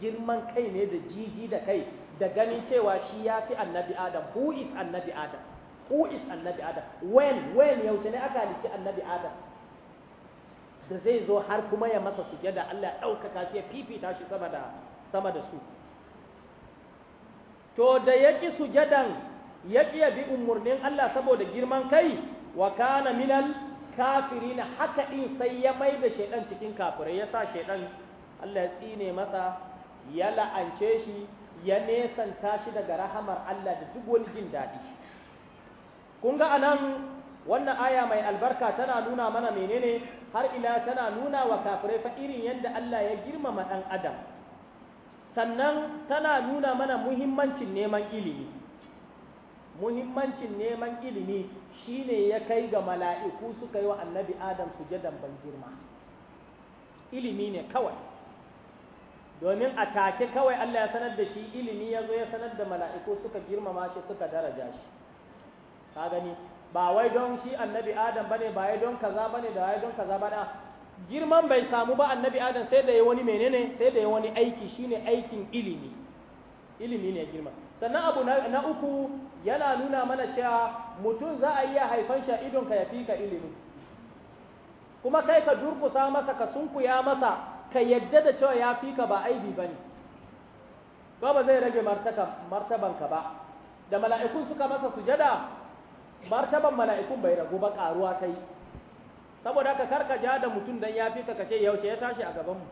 girman kai ne da jiji da kai da ganin cewa shi ya fi annabi adam who is annabi adam who is annabi adam when when yaushe ne aka halicci annabi adam da zai zo har kuma ya masa sujada Allah ɗaukaka shi ya fifita shi sama da su to da yaki sujadan ƙi ya bi umurnin Allah saboda girman kai wa kana minal kafiri na haka ɗin sai ya mai da shaidan cikin kafirai ya sa shaidan Allah ya tsine masa ya la'ance shi ya nesanta shi daga rahamar Allah da duk wani jin daɗi kun ga anan wannan aya mai albarka tana nuna mana menene har ila tana nuna wa kafirai fa irin yadda Allah ya girmama ɗan adam sannan tana nuna mana muhimmancin neman ilimi muhimmancin neman ilimi shine ya kai ga mala'iku suka yi wa annabi adam sujadan ban girma ilimi ne kawai domin a take kawai Allah ya sanar da shi ilimi ya zo ya sanar da mala'iku suka girmama shi suka daraja shi ka gani ba wai don shi annabi adam bane ba wai don kaza bane da wai don kaza bane girman bai samu ba annabi adam sai da ya wani menene sai da ya wani aiki shine aikin ilimi ilimi ne girma sannan abu na uku yana nuna mana cewa mutum za a iya haifan shi a ka ya fi ilimi kuma kai ka durkusa masa ka sunkuya masa ka yadda da cewa ya fi ba aibi ba ne ba ba zai rage martabanka ba da mala'ikun suka masa sujada martaban mala'ikun bai ragu ba karuwa ta yi saboda ka karka ja da mutum dan ya fi ka kace yaushe ya tashi a gaban mu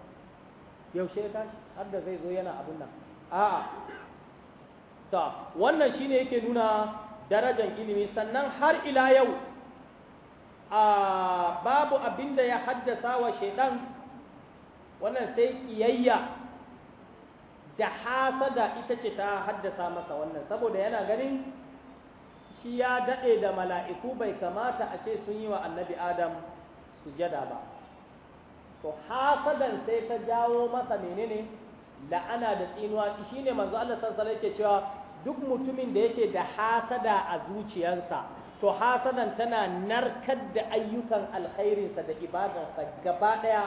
yaushe ya tashi har da zai zo yana abin nan a'a ta wannan shine yake nuna darajar ilimi sannan har ila yau a babu abin da ya haddasa wa shaidan wannan sai kiyayya da hasada ita ce ta haddasa masa wannan saboda yana ganin shi ya daɗe da mala'iku bai kamata a ce sun yi wa annabi adam sujada ba to hasadan sai ta jawo masa menene la'ana da tsinuwa shi ne manzo Allah sassara yake cewa duk mutumin da yake da hasada a zuciyarsa to hasadan tana narkar da ayyukan alkhairinsa da ibadarsa gaba ɗaya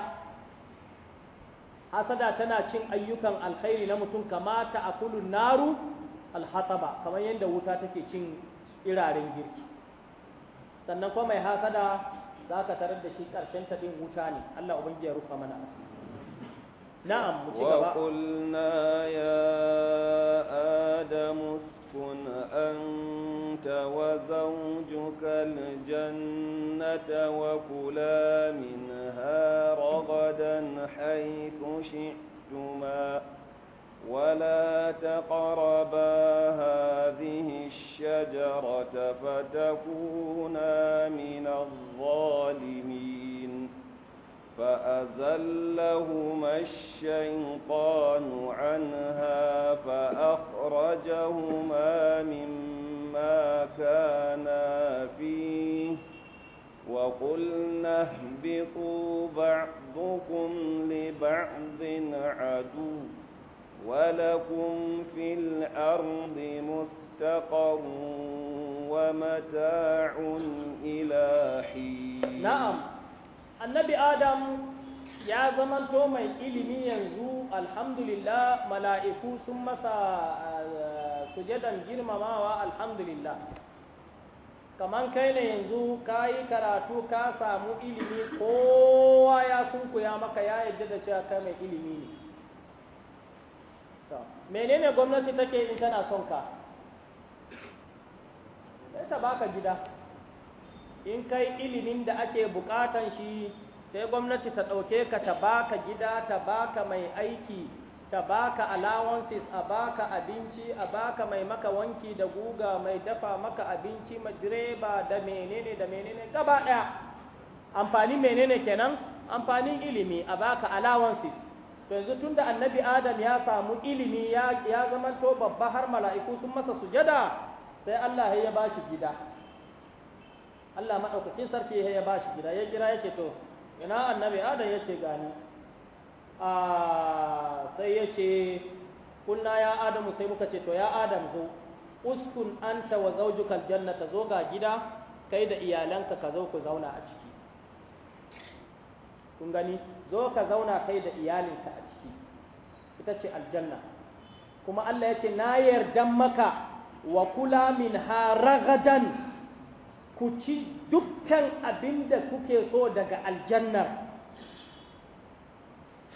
hasada tana cin ayyukan alkhairi na mutum kamata a kulun naru alhataba kamar yadda wuta take cin iraren girki sannan kuma mai hasada za ka tarar da shi ƙarshen tafin wuta ne Allah ubangiji ya rufa mana na'am mu ci gaba wa qulna ya adamu uskun anta wa zawjuka al-jannata wa kula minha ragadan haythu shi'tuma ولا تقربا هذه الشجرة فتكونا من الظالمين فأزلهما الشيطان عنها فأخرجهما مما كانا فيه وقلنا اهبطوا بعضكم لبعض عدو ولكم في الأرض مستقر ومتاع إلى حين نعم النبي آدم ya zamanto mai ilimi yanzu alhamdulillah mala'iku sun masa sujadan girmamawa alhamdulillah kaman kai ne yanzu ka yi karatu ka samu ilimi kowa ya sunkuya maka ya yadda da cewa kai mai ilimi ne menene gwamnati take in tana son ka sai ta baka gida in kai ilimin da ake bukatan shi sai gwamnati ta ɗauke ka ta baka gida ta baka mai aiki ta baka allowances a baka abinci a baka mai maka wanki da guga mai dafa maka abinci direba da menene da menene gaba ɗaya amfani menene kenan amfanin ilimi a baka allowances to yanzu da annabi adam ya samu ilimi ya ya zamanto babba har mala'iku sun masa sujada sai Allah ya bashi gida Allah madaukakin sarki ya bashi gida ya kira yake to ina annabi adam yace gani a sai yace kunna ya adamu sai muka ce to ya adam zo uskun anta wa zawjukal jannata zo ga gida kai da iyalanka ka zo ku zauna a ciki kun gani zo ka zauna kai da iyalinka a ciki ita ce aljanna kuma Allah ya ce na yardan maka wa kula min haragadan ku ci dukkan abin da kuke so daga aljannar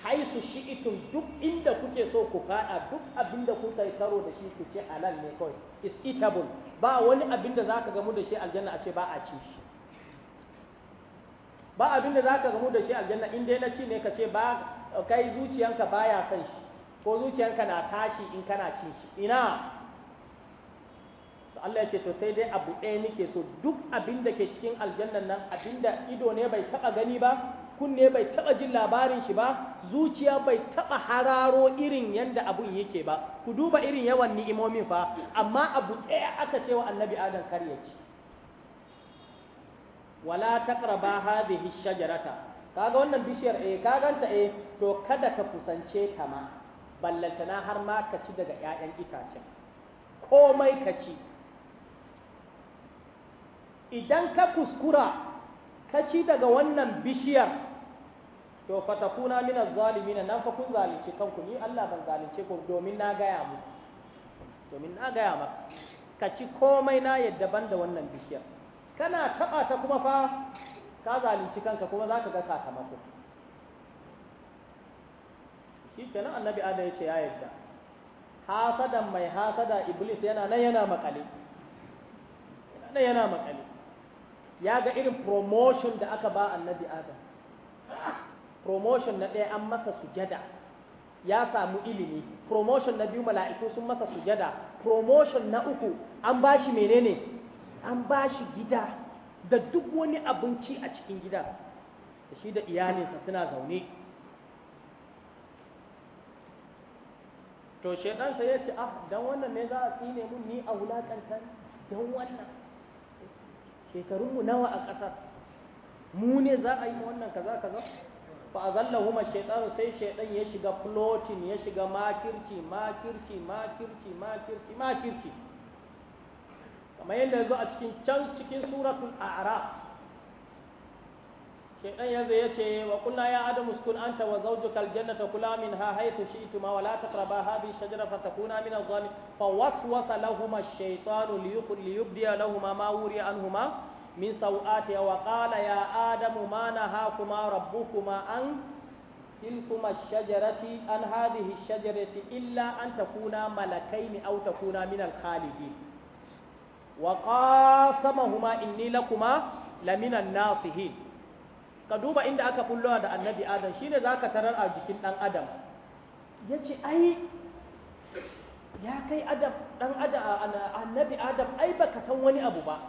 haisu itum duk inda kuke so ku faɗa duk abin da kuka yi karo da shi ku ce halal ne kawai is eatable ba wani abin da za ka gamu da shi aljanna a ce ba a ci shi ba abin da za ka gamu da shi aljanna in dai na ci ne ka ce ba kai zuciyanka baya san shi ko zuciyanka na tashi in kana cin shi ina Allah ya ce to sai dai abu ɗaya nake so duk abin da ke cikin aljannan nan abin da ido ne bai taɓa gani ba kunne bai taɓa jin labarin shi ba zuciya bai taɓa hararo irin yadda abun yake ba ku duba irin yawan ni'imomin fa amma abu ɗaya aka ce wa annabi adam kar ya ci wala taqraba hadhihi shajarata kaga wannan bishiyar eh ka ganta eh to kada ka kusance ta ma ballantana har ma ka ci daga ƴaƴan itacen komai ka ci idan ka kuskura ka ci daga wannan bishiyar to fatakuna min az-zalimin nan fa kun zalunci kanku ni Allah ban zalunce ku domin na gaya mu domin na gaya maka ka ci komai na yadda ban da wannan bishiyar kana taɓa ta kuma fa ka zalunci kanka kuma za ka ga sakamako shi nan annabi adam ya ce ya yadda hasadan mai hasada iblis yana nan yana makale yana nan yana makale ya ga irin promotion da aka ba annabi adam promotion na ɗaya an masa sujada ya samu ilimi promotion na biyu mala'iku sun masa sujada promotion na uku an ba shi menene an ba shi gida da duk wani abinci a cikin gida da shi da iyalinsa suna zaune to shaidansa ya ce ah don wannan ne za a tsine mun ni a wulaƙantar Don wannan shekarunmu nawa a ƙasar mu ne za a yi wannan kaza kaza fa huma shekaru sai shaydan ya shiga floating ya shiga makirci makirci makirci makirci makirci kamar yadda yanzu a cikin can cikin suratul a'raf shaitan yanzu ya ce wa kunna ya adamu uskun anta wa zawjuka aljannata kula minha haythu shi'tuma wa la taqraba hadhihi shajara fatakuna min adh-dhalim fa waswasa lahumu ash-shaytanu liyubdiya lahumu ma wuriya anhuma min sawati wa qala ya adamu ma nahakuma rabbukuma an tilkuma ash-shajarati an hadhihi ash-shajarati illa an takuna malakaini aw takuna min al-khalidin wa qasamahuma inni lakuma laminan nasihin ka duba inda aka bullowa da annabi adam shine zaka tarar a jikin dan adam yace ai ya kai adam dan adam annabi adam ai baka san wani abu ba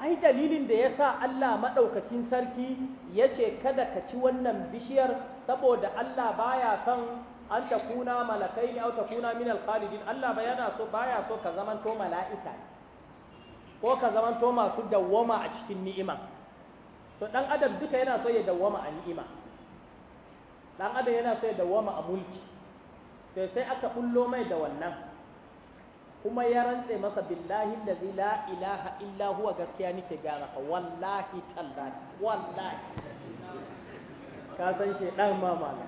ai dalilin da ya sa Allah maɗaukacin sarki yace kada ka ci wannan bishiyar saboda Allah baya son an takuna malakai ne au takuna min alkhalidin Allah bayana so baya so ka zamanto mala'ika ko ka zamanto masu dawwama a cikin ni'ima to dan adam duka yana so ya dawwama a ni'ima dan adam yana so ya dawwama a mulki to sai aka bullo mai da wannan kuma ya rantse masa billahi allazi la ilaha illa huwa gaskiya nake ga maka wallahi tallahi wallahi ka san shi dan mamala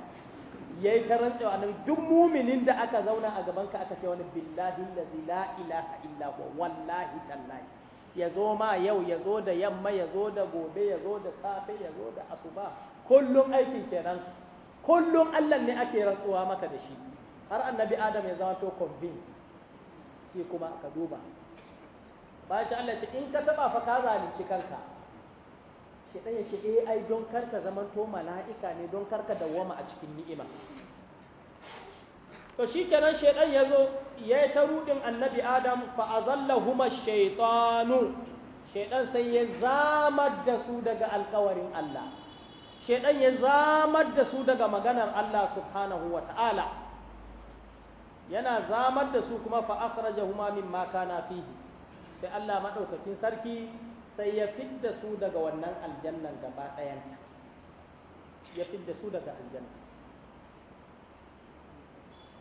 yayi ta rantse wa annabi duk muminin da aka zauna a gaban ka aka ce wani billahi allazi la ilaha illa huwa wallahi tallahi ya zo ma yau ya zo da yamma ya zo da gobe ya zo da safe ya zo da asuba kullum aikin kenan kullum Allah ne ake rantsuwa maka da shi har annabi Adam ya zama to convince shi kuma ka duba bayan Allah ce in ka taba fa ka zalunci kanka shi dan ya ce eh ai don karka zaman to mala'ika ne don karka dawwama a cikin ni'ima to shikenan shaidan yazo, zo ya yi ta rudin annabi adam fa azallahuma shaytanu shaidan sai ya zamar da su daga alkawarin Allah shaidan ya zamar da su daga maganar Allah subhanahu wa ta'ala yana zamar da su kuma fa akhrajahuma mimma kana fihi sai Allah madaukakin sarki sai ya fidda su daga wannan aljannan gaba ɗayan. ya fidda su daga aljannan.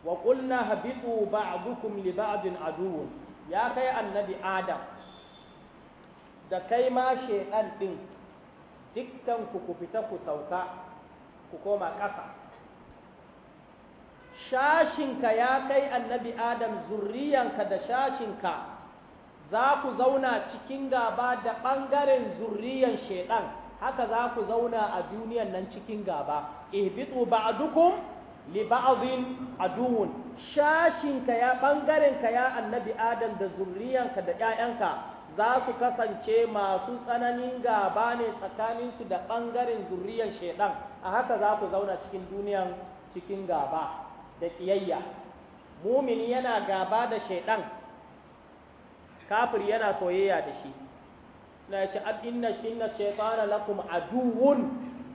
wa kulna habitu ba'dukum li ba'din aduwwun ya kai annabi adam da kai ma shedan ɗin, dukkan ku ku fita ku sauka ku koma ƙasa shashinka ya kai annabi adam zurriyanka da shashinka za ku zauna cikin gaba da ɓangaren zurriyan shedan haka za ku zauna a duniyan nan cikin gaba ihbitu ba'dukum li ba'dhin aduwun shashinka ya ka ya annabi adam da zurriyanka da ƴaƴanka za su kasance masu tsananin gaba ne tsakanin su da bangaren zuriyan shaidan a haka za ku zauna cikin duniyan cikin gaba da kiyayya. mumini yana gaba da shaidan kafir yana soyayya da shi na ce inna shaitana lakum aduwun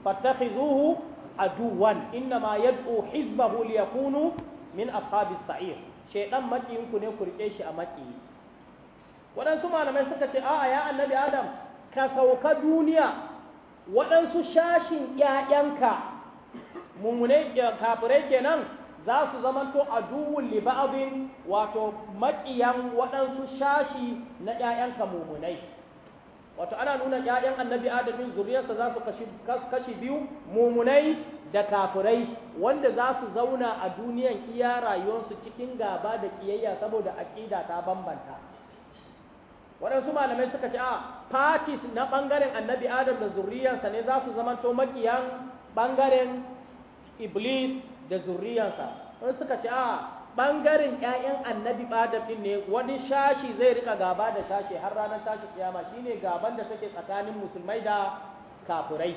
fattakhizuhu aduwan inna ma yad'u hizbahu liyakunu min ashabis sa'ir shaydan makiyin ne ku shi a maki wadansu malamai suka ce a'a ya annabi adam ka sauka duniya wadansu shashin 'ya'yanka mummunai kafirai kenan za su zamanto a duwun liba'abin wato maƙiyan waɗansu shashi na 'ya'yanka mummunai wato ana nuna ƴaƴan annabi adamin zuriyarsa za su kashi biyu mumunai da kafirai wanda za su zauna a duniyan iya rayuwarsu cikin gaba da kiyayya saboda aƙida ta bambanta waɗansu malamai suka ce a na ɓangaren annabi adam da zuriyarsa ne za su zamanto makiyan ɓangaren iblis da zuriyarsa in suka ce ɓangaren ‘ya'yan annabi Adam ne wani shashi zai rika gaba da shashi har ranar tashi kiyama shine gaban da take tsakanin musulmai da kafirai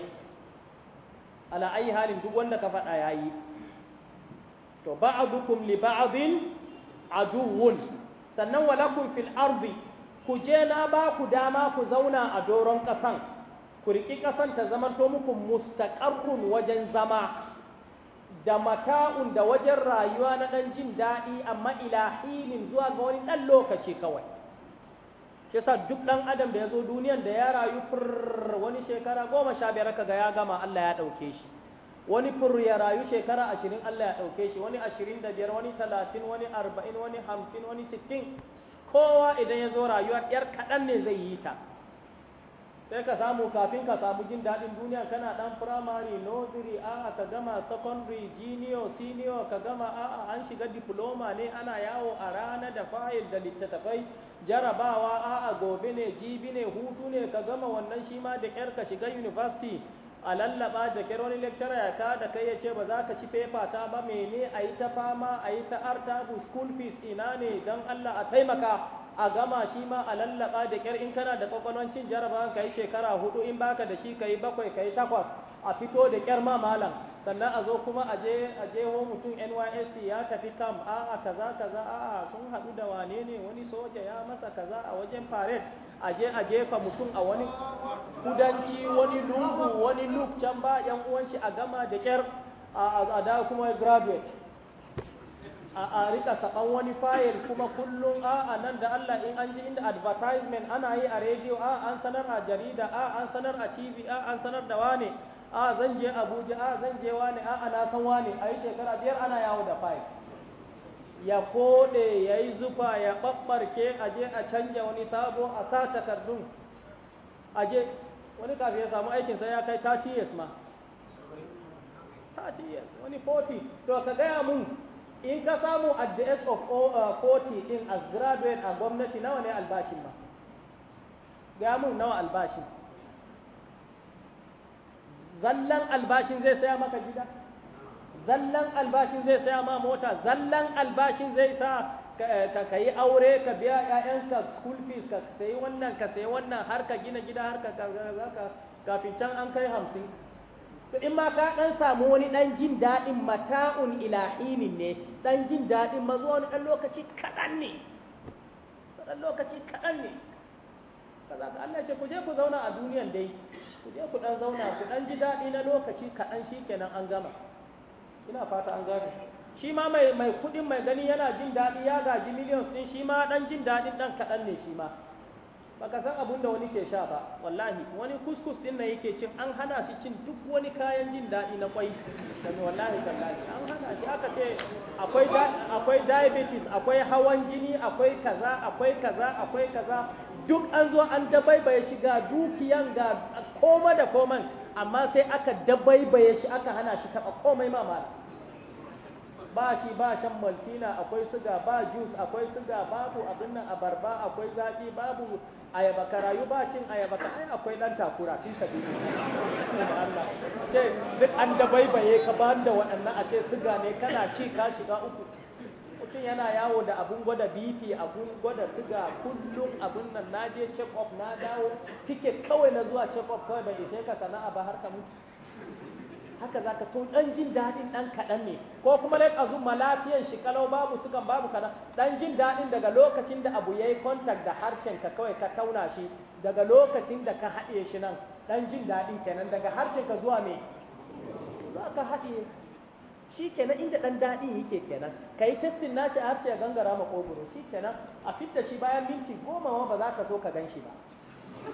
ala ayi halin duk wanda ka faɗa yayi yi to ba'dukum li ba'adin aduwwun sannan walakum fil ardi ku je na ba ku dama ku zauna a doron kasan. ku riƙi kasan ta zama zamanto muku mustaqarrun wajen zama da mata'un da wajen rayuwa na ɗan jin daɗi amma ilahinin zuwa ga wani ɗan lokaci kawai shi sa duk ɗan adam da ya zo duniyan da ya rayu fur wani shekara goma sha biyar ga ya gama Allah ya ɗauke shi wani fur ya rayu shekara ashirin Allah ya ɗauke shi wani ashirin da biyar wani talatin wani arba'in wani hamsin wani sittin kowa idan ya zo rayuwa ƴar kaɗan ne zai yi ta sai ka samu kafin ka samu jin daɗin duniya kana ɗan firamare nursery a'a ka gama secondary junior senior ka gama a'a an shiga diploma ne ana yawo a rana da fayil da littattafai jarabawa a'a gobe ne jibi ne hutu ne ka gama wannan shi ma da ƙyar ka shiga university a lallaba da ƙyar wani lecturer ya ka da kai ya ce ba za ka ci paper ta ba mene a yi ta fama a yi ta artabu school fees ina ne don Allah a taimaka a gama shi ma a lallaba da kyar in kana da kwakwalon jaraba ka yi shekara hudu in baka da shi ka yi bakwai ka yi takwas a fito da kyar ma malam sannan a zo kuma a je a je ho mutum NYSC ya tafi kam a'a kaza kaza a'a sun haɗu da wane ne wani soja ya masa kaza a wajen parade a je a jefa mutum a wani kudanci wani lungu wani luk can ba yan uwan a gama da kyar a da kuma graduate a rika saban wani fayil kuma kullum a nan da Allah in an ji inda advertisement ana yi a rediyo a an sanar a jarida a an sanar a TV a an sanar da wane a zan je Abuja a zan je wane a na san wane a yi shekara biyar ana yawo da fayil ya kode ya yi zufa ya babbarke a je a canja wani sabo a sa takardun a je wani kafin ya samu aikin sai ya kai 30 years ma 30 years wani 40 to ka gaya mun in ka samu at the age of 40 uh, din as graduate a gwamnati nawa ne albashin ma ga mun nawa albashin zallan albashin zai saya maka gida zallan albashin zai saya ma mota zallan albashin zai sa ka eh, kai aure ka biya ƴaƴanka school fees ka sayi wannan ka sayi wannan har ka gina gida har ka kafin can an kai hamsin to in ma ka dan samu wani dan jin daɗin mata'un ilahinin ne dan jin daɗin mazo wani dan lokaci kaɗan ne dan lokaci kaɗan ne kaza ka Allah ce ku je ku zauna a duniyan dai ku je ku dan zauna ku dan ji daɗi na lokaci kaɗan shikenan an gama ina fata an gane shi ma mai mai kuɗin mai gani yana jin daɗi ya gaji millions din shi ma dan jin daɗin dan kaɗan ne shi ma baka san abun da wani ke sha ba wallahi wani kuskus din na yake cin an hana shi cin duk wani kayan jin daɗi na kwai da wallahi wallahi an hana shi aka ce akwai akwai diabetes akwai hawan jini akwai kaza akwai kaza akwai kaza duk an zo an dabaibaye shi ga dukiyan ga koma da koman amma sai aka dabaibaye shi aka hana shi taba komai mamala ba shi ba shan maltina akwai suga ba juice akwai suga babu abin nan abarba akwai zaki babu ayaba karayu ba cin ayaba ka ai akwai dan takura tun ka bi Allah ce duk an da baibaye ka ba da waɗannan a ce suga ne kana ci ka shiga uku mutum yana yawo da abun gwada BP abun gwada suga kullum abun nan na je check up na dawo ticket kawai na zuwa check up kawai bai ishe ka sana'a ba har ka mutu haka zaka to dan jin dadin dan kadan ne ko kuma lai ma lafiyar shi kalau babu sukan babu kadan dan jin dadin daga lokacin da abu yayi contact da harshen ka kawai ka tauna shi daga lokacin da ka haɗe shi nan dan jin dadin kenan daga harshen ka zuwa me zuwa ka haɗe shi kenan inda ɗan daɗin yake kenan kai testin nashi har sai gangara ma kogoro shi kenan a fitta shi bayan minti goma ma ba za ka so ka gan shi ba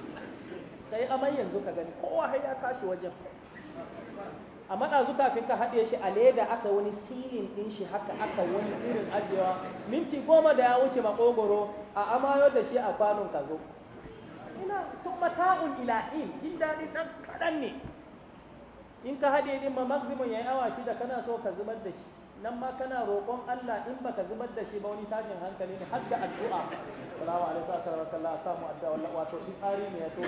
sai amai yanzu ka gani kowa har ya tashi wajen A ɗazu kafin ka haɗe shi a leda aka wani silin ɗin shi haka aka wani irin ajiyewa minti goma da ya wuce makogoro a amayo da shi a kwanon ka zo ina sun mata'un ila'in jin daɗi ɗan kaɗan ne in ka haɗe ɗin ma maximum ya yi awa shi da kana so ka zubar da shi nan ma kana roƙon Allah in baka zubar da shi ba wani tashin hankali ne har da addu'a salamu alaikum wa rahmatullahi wa barakatuh samu addu'a wato in tsari ne ya to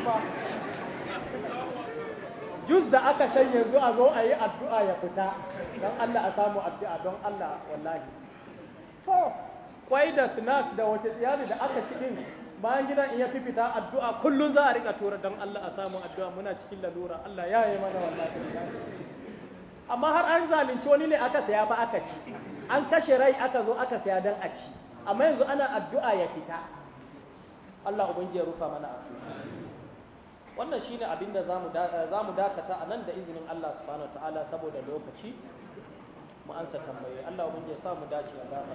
ba juz da aka shan yanzu a zo a yi addu'a ya fita don Allah a samu addu'a don Allah wallahi to kwai da snack da wace tsiyari da aka ci din bayan gidan in ya fifita addu'a kullum za a rika tura don Allah a samu addu'a muna cikin lalura Allah ya yi mana wallahi amma har an zalunci wani ne aka saya ba aka ci an kashe rai aka zo aka saya don a ci amma yanzu ana addu'a ya fita Allah ubangiji ya rufa mana asiri wannan shine abin da eh, za mu dakata a nan da izinin Allah subhanahu wa ta'ala saboda lokaci mu ansa tambaye Allah mun ya sa mu dace a dafa.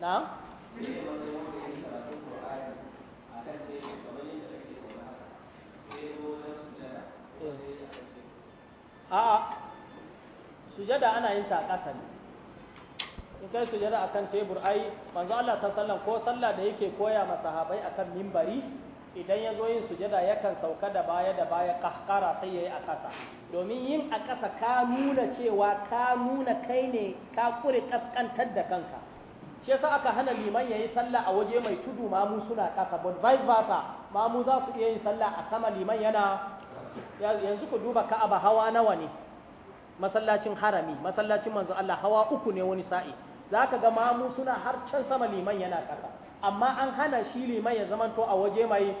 ya sujada ana yin ta a ne in kai sujada akan tebur ai manzo Allah ta sallan ko sallah da yake koya ma sahabbai akan mimbari idan yazo yin sujada yakan sauka da baya da baya kahkara sai yayi a ƙasa domin yin a ƙasa ka nuna cewa ka nuna kai ne ka kure kaskantar da kanka shi yasa aka hana liman yayi sallah a waje mai tudu mamu suna ƙasa but vice versa mamu za su iya yin sallah a sama liman yana yanzu ku duba ka'aba hawa nawa ne masallacin harami masallacin manzo Allah hawa uku ne wani sa'i zaka ga mamu suna har can sama liman yana kasa amma an hana shi liman ya zamanto a waje mai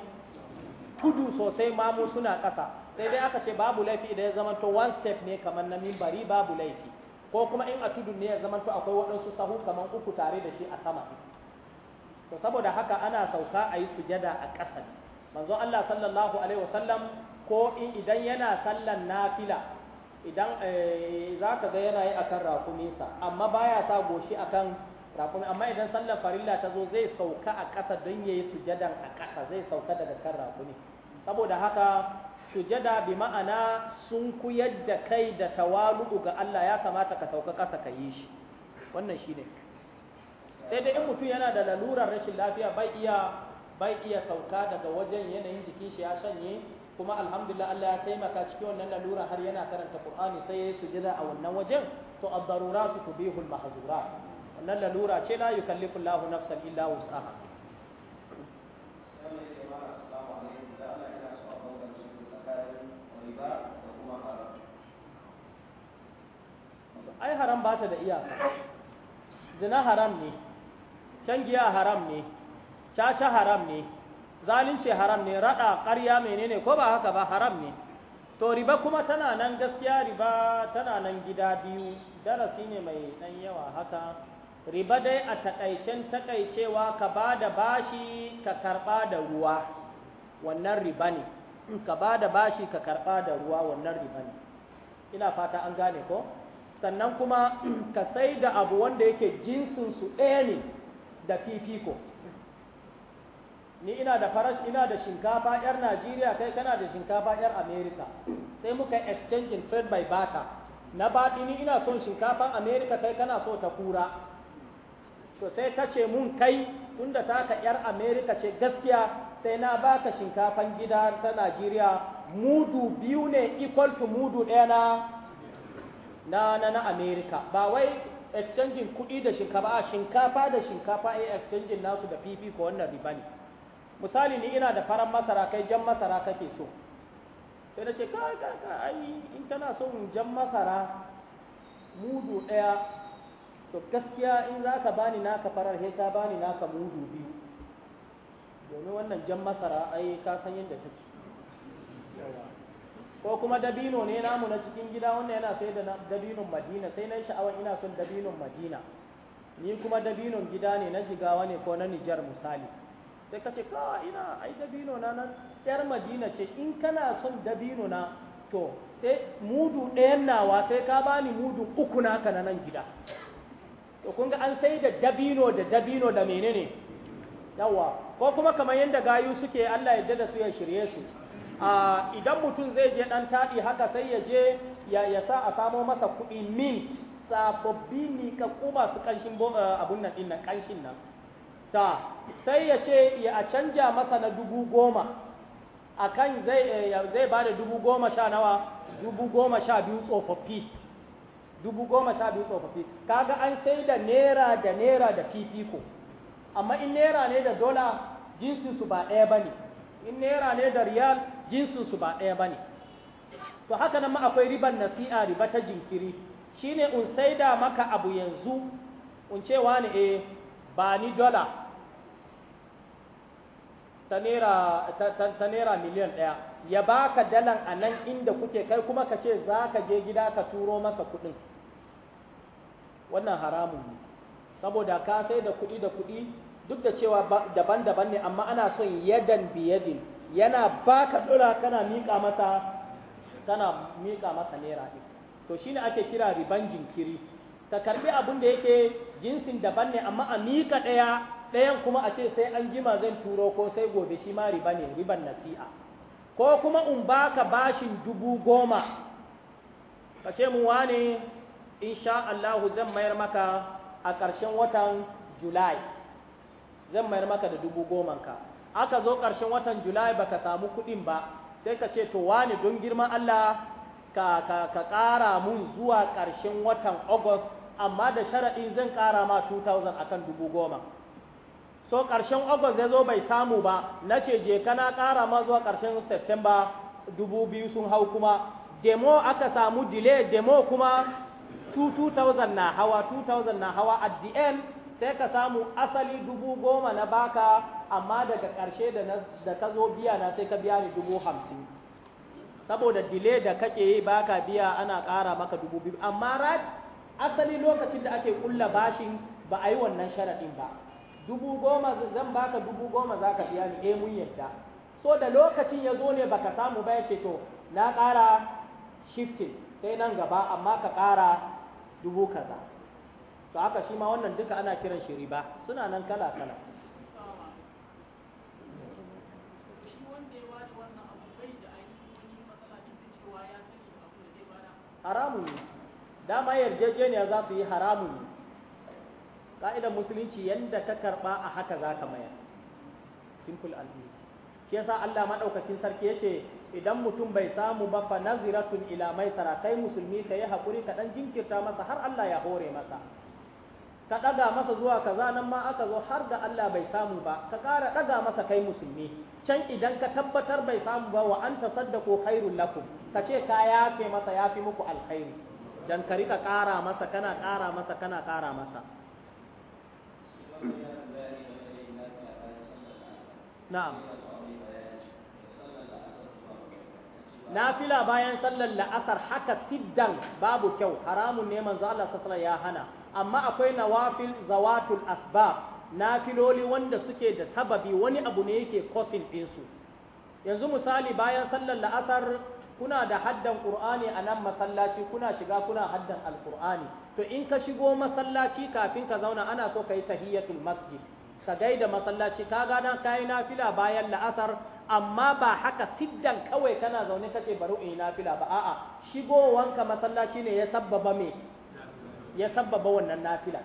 tudu sosai mamu suna kasa sai dai aka ce babu laifi idan ya zamanto one step ne kamar na mimbari babu laifi ko kuma in a tudu ne ya zamanto akwai waɗansu sahu kamar uku tare da shi a sama to saboda haka ana sauka a yi sujada a ƙasa manzo Allah sallallahu alaihi wasallam ko in idan yana sallan nafila idan eh, za ka ga yana yi kan rakuminsa amma baya sa goshi kan rakumi amma idan sallar farilla ta zo zai sauka a ƙasa don yayi sujadan a ƙasa zai sauka daga kan rakumi saboda haka sujada bi ma'ana sun kuyar da kai da tawalu'u ga Allah ya kamata ka sauka ƙasa ka yi shi wannan ne sai dai in mutum yana da lalurar rashin lafiya bai iya bai iya sauka daga wajen yanayin jikin shi ya shanye kuma alhamdulillah Allah ya taimaka cikin wannan lalura har yana karanta Qur'ani sai yayi sujada a wannan wajen to ad-darurat tubihu al-mahzurat wannan lalura ce la yukallifu Allah nafsan illa wus'aha ai haram ba ta da iyaka zina haram ne can giya haram ne caca haram ne zalunci haram ne rada ƙarya menene ko ba haka ba haram ne to riba kuma tana nan gaskiya riba tana nan gida biyu darasi ne mai ɗan yawa haka riba dai a takaicen takaicewa ka ba da bashi ka karɓa da ruwa wannan riba ne ka ba da bashi ka karɓa da ruwa wannan riba ne ina fata an gane ko sannan kuma ka sai da abu wanda yake jinsinsu ɗaya ne da fifiko ni ina da farashi ina da shinkafa yar Najeriya kai kana da shinkafa yar America sai muka exchanging trade by barter na baɗi ni ina son shinkafan America kai kana so ta kura to sai ta ce mun kai tunda taka yar America ce gaskiya sai na baka shinkafan gida ta Najeriya mudu biyu ne equal to mudu ɗaya na na na na America ba wai exchange kuɗi da shinkafa shinkafa da shinkafa a eh, exchange nasu da fifi ko wannan riba ne misali ni ina da farar masara kai jan masara kake so sai na ce kai kai ai in tana so jan masara mudu ɗaya to gaskiya in za ka bani naka farar he ka bani naka mudu biyu domin wannan jan masara ai ka san yadda take ko kuma dabino ne namu na cikin gida wanda yana sai da dabinon madina sai na sha'awar ina son dabinon madina ni kuma dabinon gida ne na jigawa ne ko na nijar misali sai ka ce ka ina ai dabino na nan yar madina ce in kana son dabino na to sai mudu ɗayan nawa sai ka bani mudu uku naka na nan gida to kun ga an sai da dabino da dabino da menene yawa ko kuma kamar yadda gayu suke Allah ya da su ya shirye su a idan mutum zai je dan taɗi haka sai ya je ya ya sa a samo masa kuɗi min sababbi ni ka kuma su kanshin eh, abun nan ɗin nan kanshin nan ta sai ya ce ya a canja masa na dubu goma a kan eh, zai ba da dubu goma sha nawa dubu goma sha biyu tsofaffi dubu goma sha biyu tsofaffi kaga an sai da naira da naira da fifiko amma in naira ne da dola jinsinsu ba ɗaya ba ne in naira ne da riyal jinsinsu ba ɗaya ba ne to haka nan ma akwai riban nasi'a riba ta jinkiri shine in saida maka abu yanzu in ce wani eh ba ni dola ta naira miliyan ɗaya ya baka dalan a nan inda kuke kai kuma ka ce za ka je gida ka turo masa kuɗin wannan haramun ne saboda ka sai da kuɗi da kuɗi duk da cewa daban-daban ne amma ana son yadan biyadin yana baka dola kana miƙa masa kana miƙa masa naira ɗin to ne ake kira riban jinkiri ka karbi abin da yake jinsin daban ne amma a mika ɗaya ɗayan kuma a ce sai an jima zan turo ko sai gobe shi ma riba ne riban nasi'a ko kuma in baka bashin dubu goma ka ce mu wane insha Allahu zan mayar maka a ƙarshen watan Julai zan mayar maka da dubu goman ka aka zo ƙarshen watan Julai ka samu kuɗin ba sai ka ce to wane don girman Allah ka ka ƙara mun zuwa ƙarshen watan August amma da sharaɗi zan ƙara ma 2000 akan dubu goma so ƙarshen august ya zo bai samu ba na ce je kana ƙara ma zuwa ƙarshen september dubu biyu sun hau kuma demo aka samu delay demo kuma 2000 na hawa 2000 na hawa at the end sai ka samu asali dubu goma na baka amma daga ƙarshe da ka zo biya na sai ka biya ni dubu hamsin saboda delay da kake yi baka biya ana ƙara maka dubu biyu amma right asali lokacin da ake kulla bashin ba a yi wannan sharaɗin ba dubu goma zan baka dubu goma za ka biya ni eh mun yadda so da lokacin ya zo ne ba ka samu ba ya ce to na ƙara shifting sai nan gaba amma ka ƙara dubu kaza to haka shi ma wannan duka ana kiran shiri ba suna nan kala kala haramun ne dama yarjejeniya za su yi haramun ne ƙa'idar musulunci yadda ka karba a haka za ka mayar simple and easy shi yasa Allah maɗaukacin sarki yace idan mutum bai samu ba fa naziratun ila maisara kai musulmi ka yi haƙuri ka ɗan jinkirta masa har Allah ya hore masa ka ɗaga masa zuwa kaza nan ma aka zo har da Allah bai samu ba ka ƙara ɗaga masa kai musulmi can idan ka tabbatar bai samu ba wa an ko khairul lakum ka ce ka yafe masa ya fi muku alkhairi dan ka rika ƙara masa kana ƙara masa kana ƙara masa na'am nafila bayan sallar la'asar haka siddan babu kyau haramun ne manzo Allah sallallahu ya hana amma akwai nawafil zawatul asbab nafiloli wanda suke da sababi wani abu ne yake kosin ɗinsu yanzu misali bayan sallar la'asar kuna da haddan Qur'ani a nan masallaci kuna shiga kuna haddan Alqur'ani to in ka shigo masallaci kafin ka zauna ana so ka yi tahiyatul masjid ka gaida masallaci ka gana ka yi nafila bayan la'asar amma ba haka siddan kawai kana zaune kace bari in yi nafila ba a'a shigowanka masallaci ne ya sabbaba me ya sabbaba wannan nafila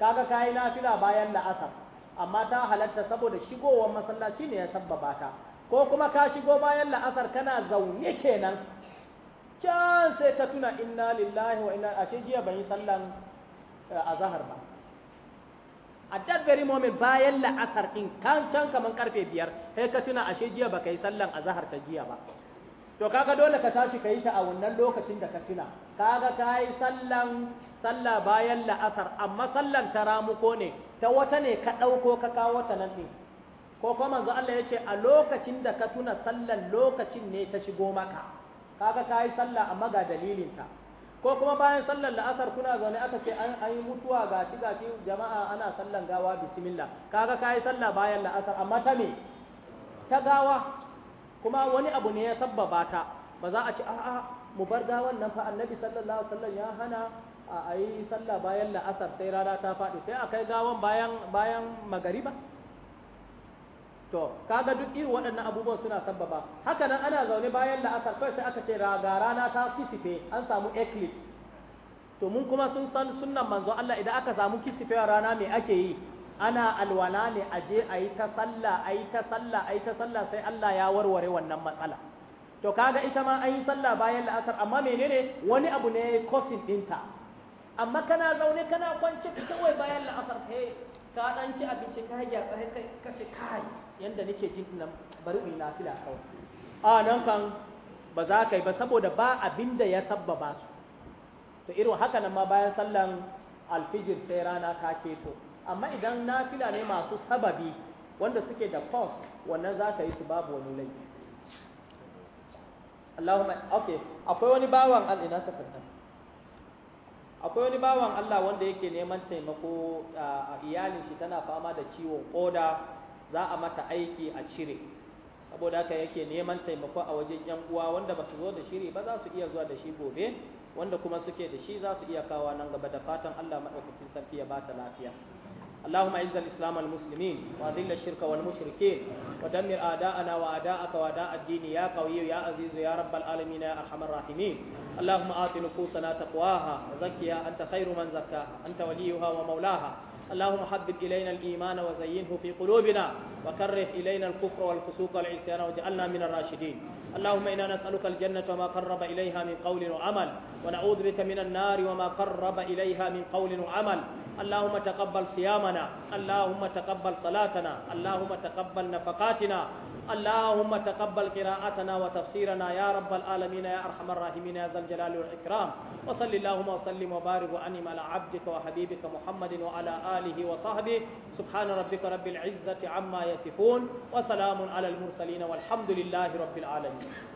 kaga ka yi nafila bayan la'asar amma ta halatta saboda shigowar masallaci ne ya sabbaba ta ko kuma ka shigo bayan la'asar kana zaune kenan can sai ka tuna inna lillahi wa inna ashe jiya ban yi sallan eh, azahar ba a that very moment bayan la'asar din kan can kaman karfe biyar sai ka tuna ashe jiya baka yi sallan azahar ta jiya ba to kaga dole ka tashi ka yi ta a wannan lokacin da ka tuna kaga ka yi sallan sallah bayan la'asar amma sallan ta ramuko ne ta wata ne ka ɗauko ka kawo ta nan ɗin ko kuma manzo Allah ya ce a lokacin da ka tuna sallar lokacin ne ta shigo maka kaga ka yi sallah amma ga ta ko kuma bayan sallar la'asar kuna zaune aka ce an ayi mutuwa ga gashi jama'a ana sallan gawa bismillah kaga ka yi sallah bayan la'asar amma ta me ta gawa kuma wani abu ne ya sabbaba ta ba za a ce a'a mu bar gawan nan fa annabi sallallahu alaihi wasallam ya hana a yi sallah bayan la'asar sai rana ta faɗi sai a kai gawan bayan bayan magariba to kaga duk irin waɗannan abubuwan suna sababa. haka nan ana zaune bayan la'asar kai sai aka ce raga rana ta kisife an samu eclipse to mun kuma sun san sunnan manzo Allah idan aka samu a rana me ake yi ana alwala ne a je a yi ta sallah a yi ta sallah a yi ta sallah sai Allah ya warware wannan matsala to kaga ita ma an yi sallah bayan la'asar amma menene wani abu ne kosin dinta? amma kana zaune kana kwance kawai bayan la'asar kai. ka dan ci abinci ka ya tsaye ka ce kai yanda nake jin nan bari in lafiya kawai a nan kan ba za ka yi ba saboda ba abin da ya sabbaba su to irin haka nan ma bayan sallan alfijir sai rana ta keto amma idan nafila ne masu sababi wanda suke da cause wannan za ka yi su babu wani laifi Allahumma okay akwai wani bawan al'ina ta takarda akwai wani bawan Allah wanda yake neman taimako a iyalin shi tana fama da ciwon koda za a mata aiki a cire saboda haka yake neman taimako a wajen yan uwa wanda ba su zo da shiri ba za su iya zuwa da shi gobe wanda kuma suke da shi za su iya kawo nan gaba da fatan Allah madaukakin sarki ya bata lafiya اللهم اعز الاسلام والمسلمين واذل الشرك والمشركين ودمر اعداءنا واعداءك واعداء الدين يا قوي يا عزيز يا رب العالمين يا ارحم الراحمين اللهم اعط نفوسنا تقواها وزكها انت خير من زكاها انت وليها ومولاها اللهم حبب إلينا الإيمان وزينه في قلوبنا وكره إلينا الكفر والفسوق والعصيان واجعلنا من الراشدين اللهم إنا نسألك الجنة وما قرب إليها من قول وعمل ونعوذ بك من النار وما قرب إليها من قول وعمل اللهم تقبل صيامنا اللهم تقبل صلاتنا اللهم تقبل نفقاتنا اللهم تقبل قراءتنا وتفسيرنا يا رب العالمين يا ارحم الراحمين يا ذا الجلال والاكرام وصل اللهم وسلم وبارك وانعم على عبدك وحبيبك محمد وعلى اله وصحبه سبحان ربك رب العزه عما يصفون وسلام على المرسلين والحمد لله رب العالمين